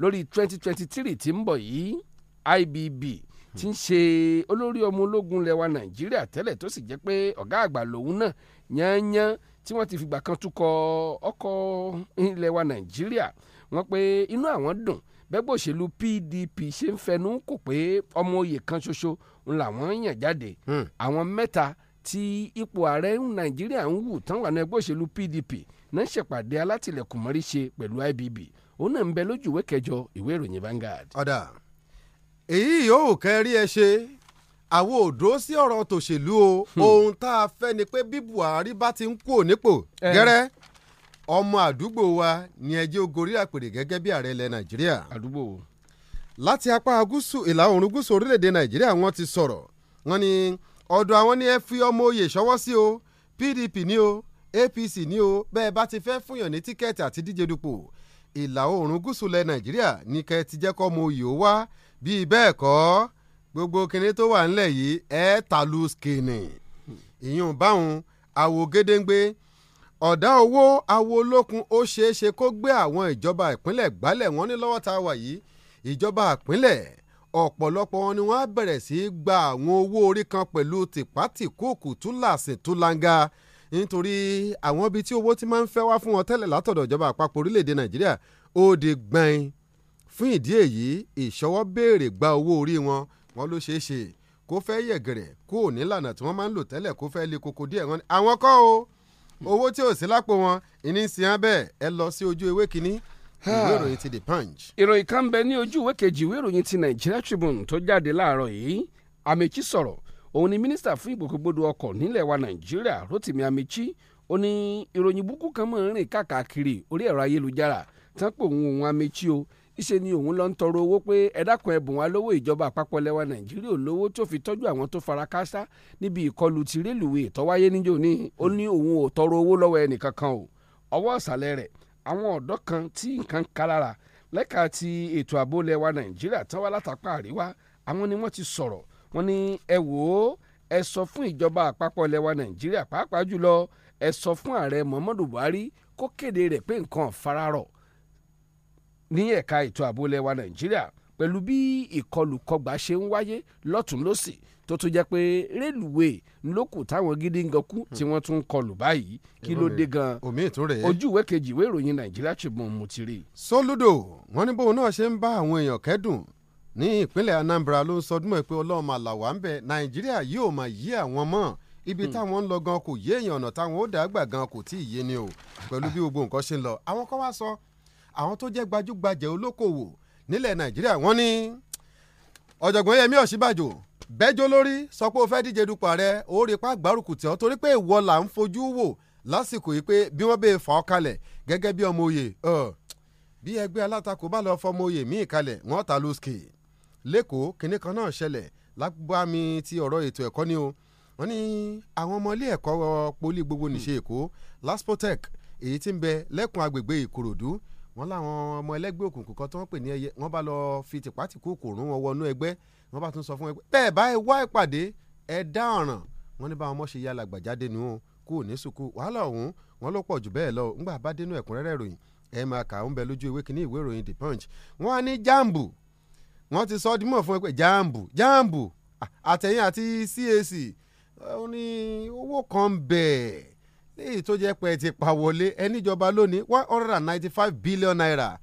Speaker 14: lórí 2023 tí ń bọ̀ yìí IBB tí ń ṣe olórí ọmọ ológun lẹ́wà nàìjíríà tẹ́lẹ̀ tó sì jẹ́ pé ọ̀gá àgbà lòun náà yányán tí wọ́n ti fìgbà kan tukọ̀ ọkọ̀ ilẹ̀ nàìjíríà wọ́n pé inú àwọn dùn bẹ́gbẹ́ òṣèlú PDP ṣe ń fẹnu kò pé ọmọ oyè kan ṣoṣo ń làwọn yàn jáde hmm. àwọn mẹ́ta tí ipò ààrẹ Nàìjíríà ń wù tán wà ní ẹgbẹ́ òṣèlú PDP náà ṣèpàdé alátìlẹ̀kùn mọ́rí ṣe pẹ̀lú IBB
Speaker 13: òun náà ń bẹ lójú ìwé kẹjọ ìwé ìròyìn Vanguard. ọ̀dà èyí yóò kẹ́rí ẹ ṣe àwọn òdó sí ọ̀rọ̀ tòṣèlú o hmm. ohun tá a fẹ́ ni pé bí Buhari bá ti ń kú ò nípò eh. gẹ́rẹ́ ọmọ àdúgbò wa ni ẹjẹ́ ó gorí àpèrè gẹ́gẹ́ bí ààrẹ ilẹ̀ nàìjíríà. àdúgbò wo. láti apá gúúsù ìlà oòrùn gúúsù orílẹ̀-èdè nàìjíríà wọ́n ti sọ̀rọ̀ wọ́n ní ọ̀dọ̀ àwọn ni ẹ fi ọmọ oyè ṣọwọ́ sí o pdp ni o apc ni o bẹ́ẹ̀ bá ti fẹ́ fúnyàn ní tíkẹ́ẹ̀tì àti díje dupò ìlà oòrùn gúúsù ilẹ̀ nàìjíríà ní kẹ́ ti jẹ́ kọ́ ọmọ oyè ó wá bíi bẹ́ẹ̀ kọ́ gbogbo kinní tó wà ńlẹ̀ yìí ẹ̀ lu skìnì ìyún báwọn àwògedengbe ọ̀dá owó awo olókun ó ṣeé ṣe kó gbé àwọn ìjọba ìpínlẹ̀ gbálẹ̀ wọn ní lọ́wọ́ tá a wà yìí ìjọba ìpínlẹ̀ ọ̀pọ̀lọpọ̀ wọn ni wọ́n á bẹ̀rẹ̀ sí í gba àwọn owó orí kan pẹ̀lú tìpátìkúùkù túláàsì túláńgá nítorí àwọn ibi tí owó ti máa ń fẹ́ wá fún wọn tẹ́lẹ̀ látọ̀dọ̀ ìjọba àpapọ̀ orílẹ̀-èdè Nàìjíríà ó di gbẹ̀yìn fún ìdí èyí ìṣọwọ́ béèrè gba owó orí wọn wọn ló ṣeé ṣe kó fẹ́ yẹ̀gẹ̀rẹ̀ kó ò nílànà tí wọ́n máa ń lò tẹ́lẹ̀ kó fẹ́ le koko díẹ̀ wọn ni àwọn kọ́ o owó tí ò sí lápò wọn ìní sí hàn bẹ́ẹ̀ ẹ lọ sí ojú ewé kínní ìwé ìròyìn ti the punch. ìròyìn kan bẹ ní ojú ìwé kejì ìwé ìròyìn ti Nigeria Tribune tó jáde
Speaker 14: láàárọ̀ yìí Amechi sọ̀rọ̀ òun ni mínísítà fún ìgbòkègbodò ọkọ̀ nílẹ̀ wa Nàìjíríà Rotimi Amechi ó ní ìròyìn burúkú kan mọ̀ ń rìn káàkiri orí ẹ̀rọ ayélujára tán pé òun òun Amechi o ìṣe ni òun lọ ń tọrọ owó pé ẹ dákun ẹ bùn wá lówó ìjọba àpapọ̀ lẹ́wà nàìjíríà lówó tó fi tọ́jú àwọn tó fara káásá níbi ìkọlù ti rélùwé tó níjó ní ó ní òun ò tọrọ owó lọ́wọ́ ẹnìkankan o ọwọ́ ọ̀sàlẹ̀ rẹ̀ àwọn ọ̀dọ́ kan tí nǹkan kálára lẹ́ka ti ètò ààbò lẹ́wà nàìjíríà tán látàpá àríwá àwọn ni wọ́n ti sọ̀rọ̀ wọ́n ní ẹ wò ó ẹ sọ fún ìjọba àpapọ̀ lẹ́wà nàìjíríà pàápàá jùlọ ẹ sọ fún ààrẹ muhammadu buhari kó kéde rẹ̀ pé nǹkan fararọ̀ ní ẹ̀ka ètò ààbò ilẹ̀ wa nàìjíríà pẹ̀lú bí ìkọlùkọgbà ṣe ń wáyé lọ́tún lọ́sì tó tún jẹ́ pé rélùwéè lókù táwọn gidi ń gankú tí wọ́n
Speaker 13: tún ń kọlù báyìí kí ló dé gan ojú ìwé kejì ìwé ìròyìn nàìjíríà Tribune mo ti rí. Soludo wọn ní bóun náà ṣe ń bá àwọn èèyàn kẹ́dùn ní ìpínlẹ̀ Anambra ló ń sọdún ẹ̀ pé ọlọ́run àlàwà ń bẹ nàìjíríà yóò máa yí àwọn mọ́ ibi hmm. táwọn ń lọ gan kò yé èèyàn ọ̀nà táwọn ó dàgbà gan kò tí ì yé ni o pẹ̀lú bí gbogbo nǹkan ṣe ń lọ àwọn kan wá sọ àwọn tó jẹ́ gbajúgbajà olókòwò nílẹ̀ nàìjíríà wọ́n ní ọ̀jọ̀gbọ́n yẹmí ọ̀ṣínbàjò bẹ́jọ́ lórí sọ pé o fẹ́ díje dupò ààrẹ ó rí ipá gbárùkù tì ọ́ torí pé ìwọ là ń fojú wò lásìkò yìí pé bí wọ́n bèè e fà ọ́ kalẹ̀ gẹ́gẹ́ bí ọmọ oyè bí ẹgbẹ́ alátakò bá lọ́ọ́ fọmọ oyè míì kalẹ̀ wọ́n ta lóṣkè lẹ́kọ̀ọ́ kinní kan náà ṣẹlẹ̀ lágbàmí ti ọ̀rọ̀ ètò ẹ̀kọ́ ni o wọ́n ní àwọn ọmọ ilé ẹ̀kọ́ poli gbogbo nìṣe èkó laspotec èyí tí ń bẹ lẹ́kùn agbègbè ìkòròdú wọ́n láwọn ọmọ ẹlẹ́gbẹ́ òkùnkùn kan tí wọ́n pè ní ẹyẹ wọ́n bá lọ fi tìpátìkù kò rún wọn wọnú ẹgbẹ́ wọ́n bá tún sọ fún ẹgbẹ́ bẹ́ẹ̀ báyìí wá ìpàdé ẹ dá ọ̀ràn wọ́n ní báwọn ọmọ ṣe yá làgbà jáde nù ó kú ní sùkú wàhálà ọ̀hún wọ́n ló pọ̀ jù bẹ́ẹ̀ lọ ńgbà bá dénú ẹ̀kúnrẹ́rẹ́ ìròyìn ẹ máa kà ń bẹ lójú ìwé kínní ìwé ìròyìn the punch wọ́n á ní jambu wọ́n ti sọ ọ́ fún ẹ jambu jambu àtẹ̀yìn àti CAC ó ní owó kan èyí tó jẹ́ pé ẹ ti pa wọlé ẹ lónìí one hundred and ninety five billion naira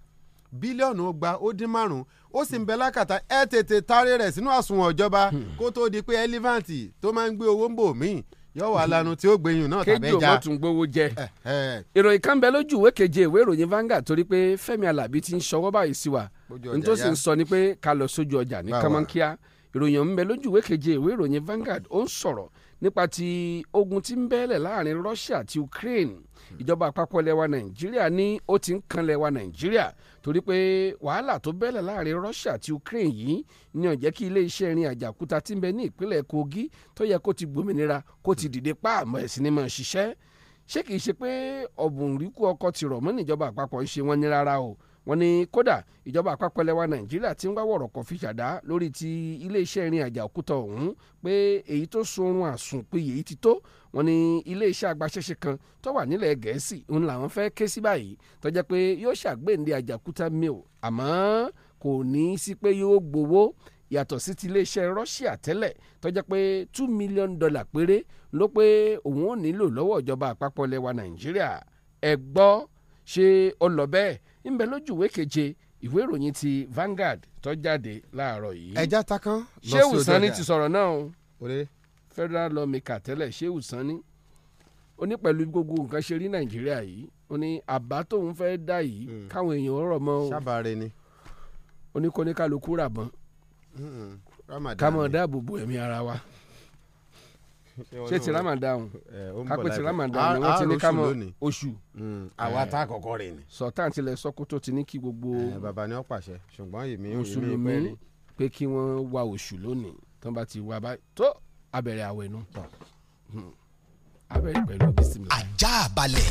Speaker 13: bílíọ̀nù ọgbà ó dín márùn-ún ó sì ń bẹ lákàtà ẹ tètè tarí rẹ̀ sínú àsùnwọ̀n ìjọba kó tó di pé elephant tó máa ń gbé owó ń bò míì yóò wà lanu tí ó gbẹ̀yìn náà tàbẹ́ já. kéjì òmò
Speaker 14: tún gbowó jẹ ìròyìn kan bẹ lójú ìwé keje ìwé ìròyìn Vanguard torí pé Fẹ́mi Alábí ti ń ṣọwọ́ báyìí sí wa
Speaker 10: n tó sì ń sọ
Speaker 14: ni pé ká lọ sójú ọjà ní kánmọ́nkíá ìròyìn ń bẹ lójú ìwé keje ìwé ìròyìn Vanguard ó ń sọ̀rọ̀ nípa ti ogun tí ń bẹ́lẹ̀ láàrin Russia àti Ukraine hmm. ìjọba àpapọ̀ lẹwa Nàìjíríà ní ó ti ń kan lẹwa Nàìjíríà torí pé wàhálà tó bẹ́lẹ̀ láàrin Russia àti Ukraine yìí ni ó jẹ́ kí iléeṣẹ́ irin àjàkúta tí ń bẹ ní ìpínlẹ̀ Kogi tó yẹ kó ti gbòmìnira kó ti hmm. dìde páàmọ́ ẹ̀sìn ni máa ṣiṣẹ́ ṣé kìí ṣe pé ọ̀bùnríkù ọkọ̀ tìrọ̀ mọ́ níjọba àpapọ̀ ń ṣe wọ́n ní rárá o wọ́n ní kódà ìjọba àpapọ̀ ilẹ̀ wa nàìjíríà ti ń wá wọ̀rọ̀ kọ̀ fi ṣàdá lórí ti iléeṣẹ́ irin àjà òkúta ọ̀hún pé èyí tó sunrun àsùn pé èyí ti tó wọ́n ní iléeṣẹ́ agbaṣẹ́ṣe kan tó wà nílẹ̀ gẹ̀ẹ́sì ń làwọn fẹ́ ké sí báyìí tó jẹ́ pé yóò ṣàgbéǹde àjà òkúta mill àmọ́ kò ní í sí pé yóò gbowó yàtọ̀ sí ti iléeṣẹ́ Russia tẹ́lẹ̀ tó pé two million dollar péré ló pé òun ò nílò lọ́wọ́ ìjọba àpapọ̀ ilẹ̀ wa nàìjíríà ẹ gbọ́ ń bẹ lójú ìwé keje ìwé ìròyìn ti Vanguard tó jáde láàárọ̀ yìí. ẹja takan lọ sí ọjà Shehu Sani ti sọ̀rọ̀ náà o federal lawmaker tẹ́lẹ̀ Shehu Sani ó ní pẹ̀lú gbogbo nǹkan ṣe rí Nàìjíríà yìí ó ní àbá tóun fẹ́ dá yìí hmm. káwọn èèyàn rọ̀ mọ́ o ṣàbàrẹ̀ ni ó ní kóníkàlùkù rà bọ́n
Speaker 13: hmm, ká mọ̀
Speaker 14: dáàbò bo ẹ̀mí ara wa
Speaker 13: ṣé ti ramadan kápẹ́
Speaker 14: ti ramadan ni wọ́n ti ní ká mọ oṣù. Hmm. àwa tá kọ̀kọ́ rè ni. sọ̀tàn tilẹ̀ sọ́kótó ti ní kí gbogbo. bàbá ni ó pàṣẹ ṣùgbọ́n èmi mùsùlùmí pé kí wọ́n wá oṣù lónìí tán bá ti wá báyìí tó abẹ̀rẹ̀ àwẹ̀ nù. Hmm. Hmm. abẹ̀rẹ̀ pẹ̀lú
Speaker 8: bísí mi. ajá balẹ̀.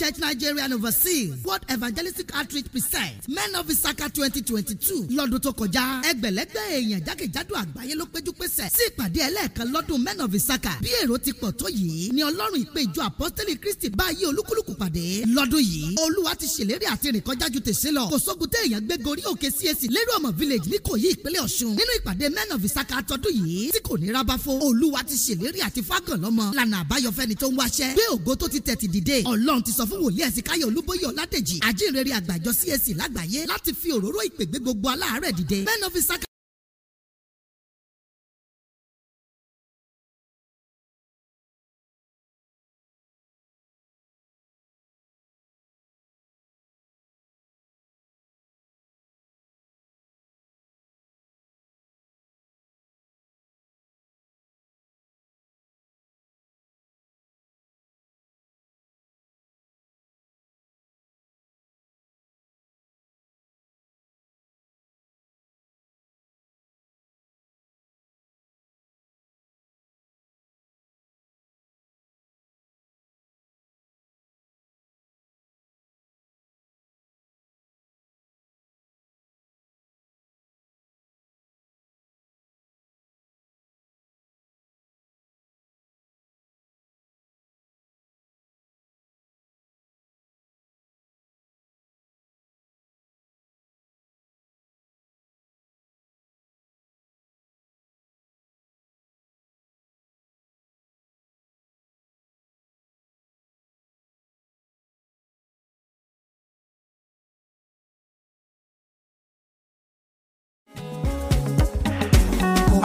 Speaker 8: Church Nigeria and overseas World Evangelistic Outreach present? Men of Isaka 2022 lọ́dún tó kọjá ẹgbẹ̀lẹ́gbẹ̀ èèyàn jákèjádò àgbáyé ló péjú pésẹ̀ sí ìpàdé ẹlẹ́ẹ̀kan lọ́dún Men of Isaka bí èrò ti pọ̀ tó yìí ni Ọlọ́run ìpè ìjọ Apọ́sítélì Kristi báyé olúkúlùkù pàdé lọ́dún yìí Olúwa ti ṣèlérí àti rìn kọjá ju tèṣe lọ kò sógun tẹ èèyàn gbé gorí òkè CAC lérò ọmọ village ní Ìkòyí ìpínlẹ̀ Ọ̀ṣun nínú ìpàdé Men of Isaka tọdún yìí tí kò ní rábáfó Olúwa ti ṣèlérí àti fágànlọ́mọ lànà àbáyọ fẹ́ni tó ń wáṣẹ́ gbé ògo tó ti tẹ̀ ti dìde Ọlọ́run ti sọ fún wòlíì ẹ̀sìn káyọ̀ olúbóyè ọ̀ládèjì àjíǹrere àgbàjọ CAC e lágbàáyé láti fi òróró ìpègbè gbogbo aláàárẹ̀ dìde.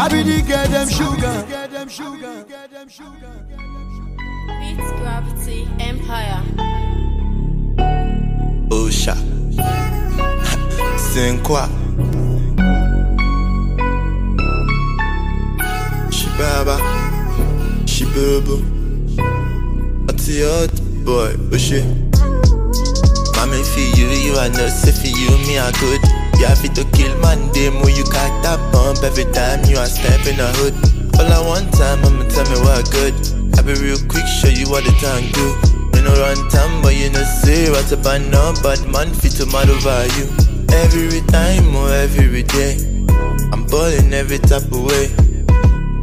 Speaker 1: I be the get them sugar. Get them sugar. Get them sugar. Beats gravity empire. Osha. Senkwa. Shibaba. Shiburubu. Ati hot boy. Oshie. Mommy for you, you are not safe for you, me I could. You have to kill man, them when you cock that pump every time you are in a hood. All I want time, I'ma tell me what good. I be real quick, show you what the tank do. You know run time, but you know see what a ban no bad man fit to mad over you. Every time or oh, every day, I'm balling every type of way.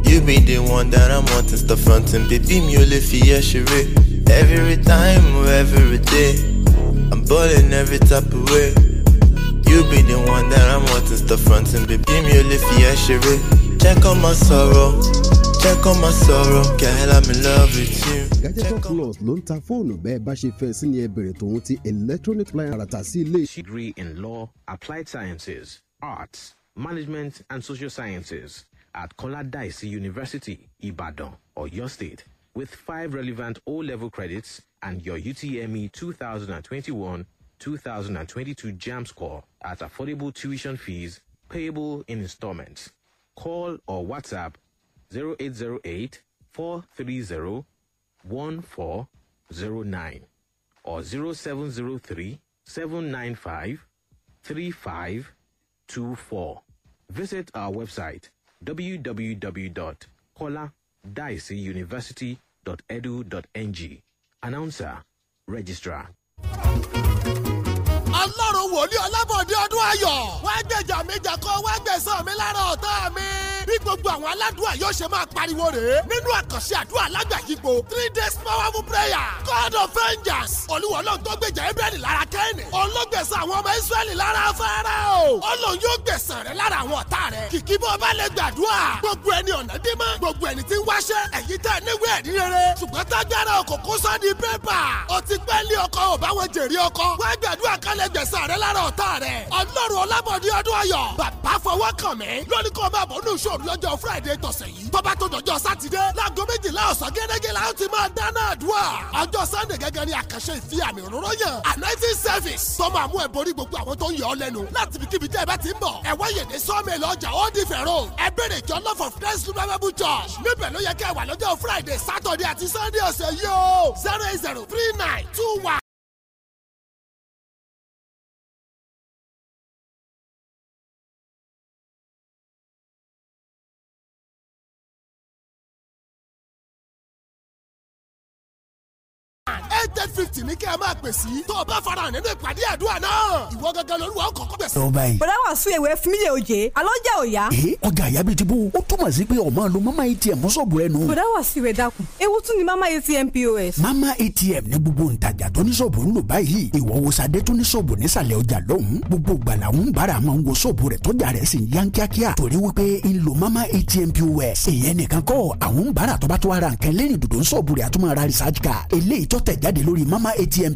Speaker 1: You be the one that I'm wanting, stop and baby me mule if you Every time or oh, every day, I'm balling every type of way. You be the one that I'm wanting stuff fronting, baby. Mi ò lè fi ẹ́ Check on my sorrow. Check on my sorrow. Girl, I'm in love with you.
Speaker 11: Gadget
Speaker 13: Plus ló ń ta fóònù bẹ́ẹ̀ bá ṣe fẹ́ sí ni ẹ bèrè tòun ti electronic plan. àràtà sí
Speaker 11: ilé. Degree in Law, Applied Sciences, Arts, Management and Social Sciences at Daisy University, Ibadan, Oyo State, with five relevant O-level credits and your UTME 2021 2022 JAM score at affordable tuition fees payable in installments. Call or WhatsApp 0808 430 1409 or 0703 795 3524. Visit our website www.kola-university.edu.ng. Announcer, Registrar.
Speaker 8: ọlọ́run wòlíì ọlábọ̀dé ọdún ayọ̀ wá gbèjà mi jà kọ́ wá gbẹ̀san mi lára ọ̀tá mi bí gbogbo àwọn aládùúgbò yóò ṣe máa pariwo rèé nínú àkànṣe àdúrà lágbàyípo three days powerful prayer god of vengeance olúwa ọlọ́run tó gbèjà ẹ́bẹ̀rẹ̀ lára kẹ́hìnì ọlọ́gbẹ̀sán àwọn ọmọ ísírẹ́lì lára fẹ́rẹ́ o ọlọ́run yóò gbẹ̀sán rẹ lára àwọn ọ̀tá rẹ kìkì bó bá lè gbàdúrà gbogbo ẹni ọ̀nà dé mọ́ gbogbo ẹni tí ń wáṣẹ́ èyí tẹ́ níwé ẹ̀rí rere ṣùgbọ́n tágbára ọkọ̀ kó sọ di pépà ó ti pẹ́ lé ọkọ ò bá wọn jèrè ọkọ wá gbàdúrà kálẹ̀ gbẹ̀sán rẹ lára kó lọ́jọ́ friday tọ̀sẹ̀ yìí tó bá tó dọ̀jọ́ sátidé láago méjìlá ọ̀sán gẹ́gẹ́ la ó ti máa dáná àdúrà ọjọ́ sunday gẹ́gẹ́ ni àkànṣe ìfi àmì òróró yàn anointing service tó máa mú ẹ borí gbogbo àwọn tó ń yọ ọ lẹ́nu láti fi kíbi tẹ́ ẹ bá ti ń bọ̀ ẹ wá yèdè sọ́ọ̀mì lọ́jà ó di fẹ̀rọ ẹ bèrè jọ love of christ lumabẹ́bù church níbẹ̀ ló yẹ kẹ́ wà lọ́jọ́ friday saturday àti sunday ọ̀sẹ̀ yìí o zero zero three nine two one. eight eight fifty ní kí a máa pè sí tó o bá fara hàn nínú ìpàdé àdúrà náà ìwọ gangan lolúwa ọkọ̀ kọ́ bẹ̀ ọba yìí. bọ̀dá wà
Speaker 6: sún ìwé fúnmílẹ̀ òjé alọ́jà òya. ee
Speaker 9: ọjà àyà ti bó o túmọ̀ sí pé ọmọ lo mama atm mọ́sọ̀bù rẹ nù.
Speaker 8: bọ̀dá
Speaker 6: wà sí ìwé dákun ewu tún ni mama atm pos.
Speaker 9: mama atm ní gbogbo ntajà tó ní sọ̀bù ń lò báyìí ìwọ wo
Speaker 8: sadé tó ní sọ̀bù nísàlẹ̀ ọjà lọ́hùn gbogbo gbala ń bára máa ń wo sọ̀bù rẹ̀ tọ́jà rẹ̀ mama atm pos èèyàn nìkan kọ́ àwọn ń bára tó bá tó ara nǹkan lẹ́yìn
Speaker 1: dòdò ń sọ̀bù rẹ̀ àtúmọ̀ ara jáde lórí mama atm